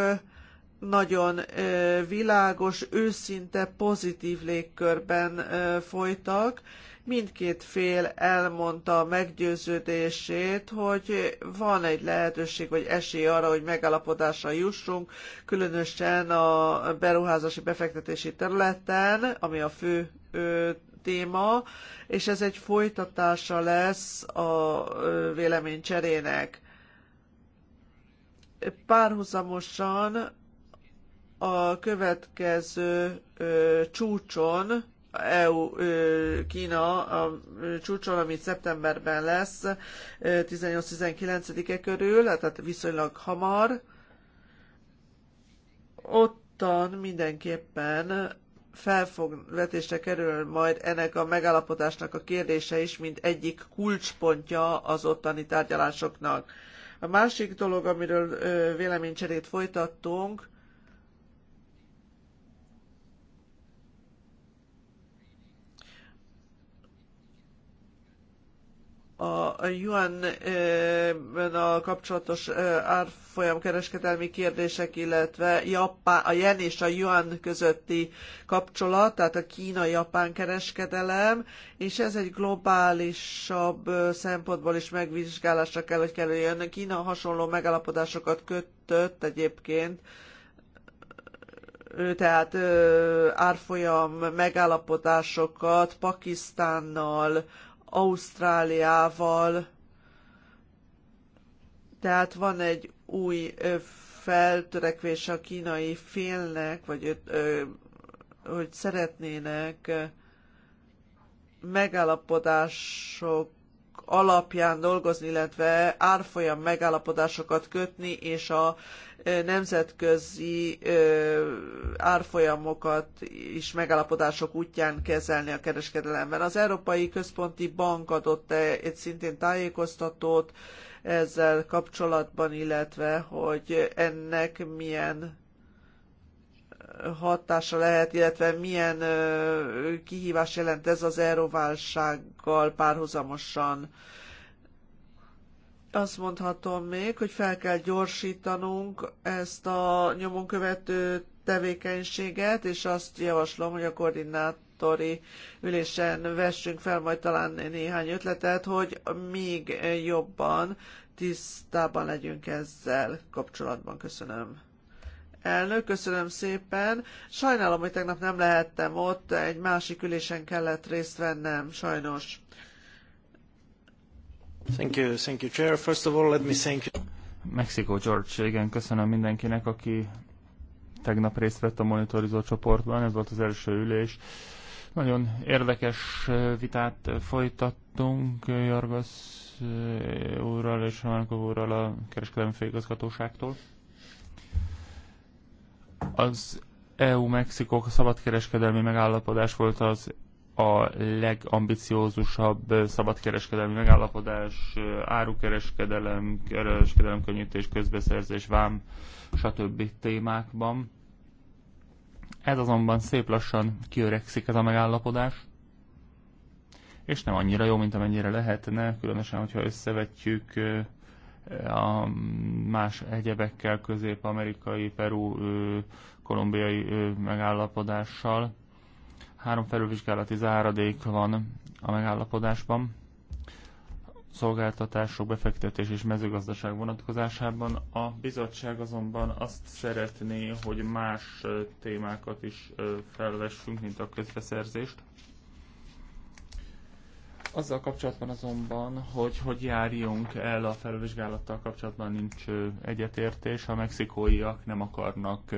A: nagyon világos, őszinte, pozitív légkörben folytak, Mindkét fél elmondta meggyőződését, hogy van egy lehetőség vagy esély arra, hogy megalapodásra jussunk, különösen a beruházási befektetési területen, ami a fő téma, és ez egy folytatása lesz a véleménycserének. Párhuzamosan a következő ö, csúcson EU-Kína a csúcson, amit szeptemberben lesz, 18-19-e körül, tehát hát viszonylag hamar. Ottan mindenképpen felfogvetésre kerül majd ennek a megállapodásnak a kérdése is, mint egyik kulcspontja az ottani tárgyalásoknak. A másik dolog, amiről véleménycserét folytattunk, a yuan a kapcsolatos árfolyamkereskedelmi kérdések, illetve Japán, a yen és a yuan közötti kapcsolat, tehát a Kína-Japán kereskedelem, és ez egy globálisabb szempontból is megvizsgálásra kell, hogy jön. Kína hasonló megállapodásokat kötött egyébként, tehát árfolyam megállapodásokat Pakisztánnal, Ausztráliával. Tehát van egy új feltörekvés a kínai félnek, vagy hogy szeretnének megállapodások alapján dolgozni, illetve árfolyam megállapodásokat kötni, és a nemzetközi árfolyamokat is megállapodások útján kezelni a kereskedelemben. Az Európai Központi Bank adott e, egy szintén tájékoztatót ezzel kapcsolatban, illetve hogy ennek milyen hatása lehet, illetve milyen kihívás jelent ez az euróválsággal párhuzamosan. Azt mondhatom még, hogy fel kell gyorsítanunk ezt a nyomon követő tevékenységet, és azt javaslom, hogy a koordinátori ülésen vessünk fel majd talán néhány ötletet, hogy még jobban tisztában legyünk ezzel kapcsolatban. Köszönöm. Elnök, köszönöm szépen. Sajnálom, hogy tegnap nem lehettem ott, egy másik ülésen kellett részt vennem, sajnos. Thank you, thank you, Chair. First of all, let me thank you.
B: Mexico George, igen, köszönöm mindenkinek, aki tegnap részt vett a monitorizó csoportban, ez volt az első ülés. Nagyon érdekes vitát folytattunk Jorgos eh, úrral és Hanánkov úrral a kereskedelmi főigazgatóságtól. Az EU-Mexikó szabadkereskedelmi megállapodás volt az a legambiciózusabb szabadkereskedelmi megállapodás, árukereskedelem, kereskedelem könnyítés, közbeszerzés, vám, stb. témákban. Ez azonban szép lassan kiöregszik ez a megállapodás, és nem annyira jó, mint amennyire lehetne, különösen, hogyha összevetjük a más egyebekkel, közép-amerikai, Peru, kolumbiai megállapodással. Három felülvizsgálati záradék van a megállapodásban. Szolgáltatások, befektetés és mezőgazdaság vonatkozásában. A bizottság azonban azt szeretné, hogy más témákat is felvessünk, mint a közbeszerzést. Azzal kapcsolatban azonban, hogy hogy járjunk el a felvizsgálattal kapcsolatban nincs egyetértés, a mexikóiak nem akarnak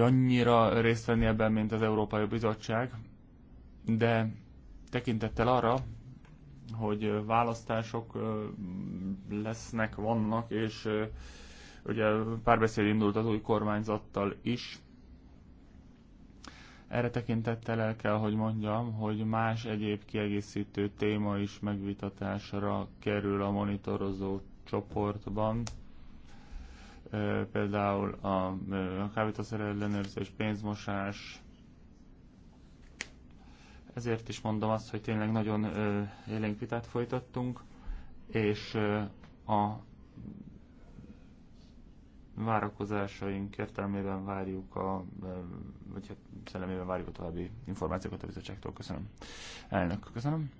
B: annyira részt venni ebben, mint az Európai Bizottság, de tekintettel arra, hogy választások lesznek, vannak, és ugye párbeszéd indult az új kormányzattal is, erre tekintettel el kell, hogy mondjam, hogy más egyéb kiegészítő téma is megvitatásra kerül a monitorozó csoportban. Például a, a kábítószer ellenőrzés, pénzmosás, ezért is mondom azt, hogy tényleg nagyon élénk vitát folytattunk, és a várakozásaink értelmében várjuk a, vagy hát szellemében várjuk a további információkat a bizottságtól. Köszönöm. Elnök, köszönöm.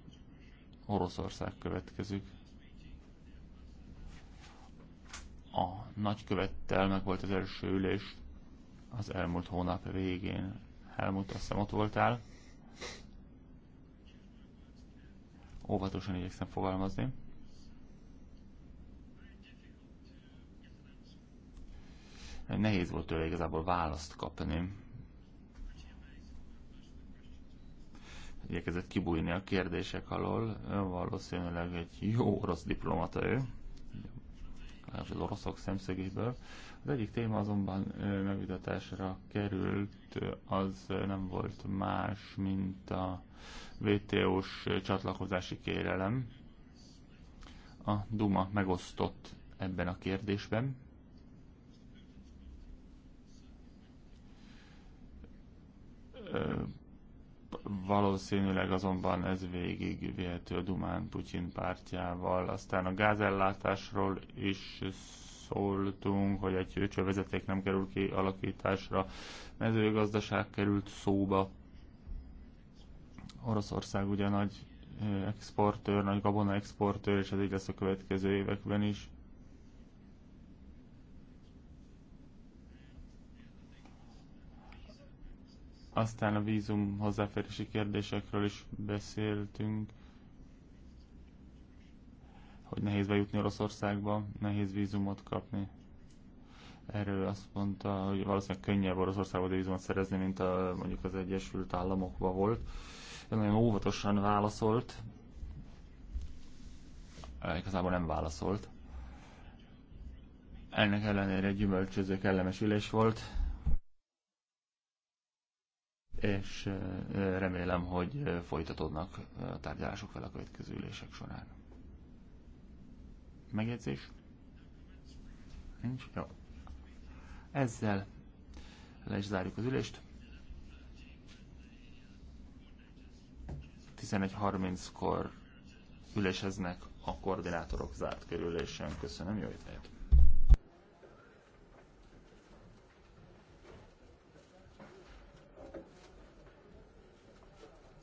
B: Oroszország következik. A nagykövettel meg volt az első ülés az elmúlt hónap végén. Helmut, azt hiszem ott voltál. Óvatosan igyekszem fogalmazni. nehéz volt tőle igazából választ kapni. Igyekezett kibújni a kérdések alól, valószínűleg egy jó orosz diplomata ő, az oroszok szemszögéből. Az egyik téma azonban megvitatásra került, az nem volt más, mint a WTO-s csatlakozási kérelem. A Duma megosztott ebben a kérdésben. valószínűleg azonban ez végig vihető a Dumán Putyin pártjával. Aztán a gázellátásról is szóltunk, hogy egy csővezeték nem kerül ki alakításra. Mezőgazdaság került szóba. Oroszország ugye nagy exportőr, nagy gabona exportőr, és ez így lesz a következő években is. Aztán a vízum hozzáférési kérdésekről is beszéltünk, hogy nehéz bejutni Oroszországba, nehéz vízumot kapni. Erről azt mondta, hogy valószínűleg könnyebb Oroszországba vízumot szerezni, mint a, mondjuk az Egyesült Államokba volt. Én nagyon óvatosan válaszolt, igazából nem válaszolt. Ennek ellenére egy gyümölcsöző kellemes ülés volt, és remélem, hogy folytatódnak a tárgyalások vele a következő ülések során. Megjegyzés? Nincs? Jó. Ezzel le is zárjuk az ülést. 11.30-kor üléseznek a koordinátorok zárt körülésen. Köszönöm, jó étvágyat!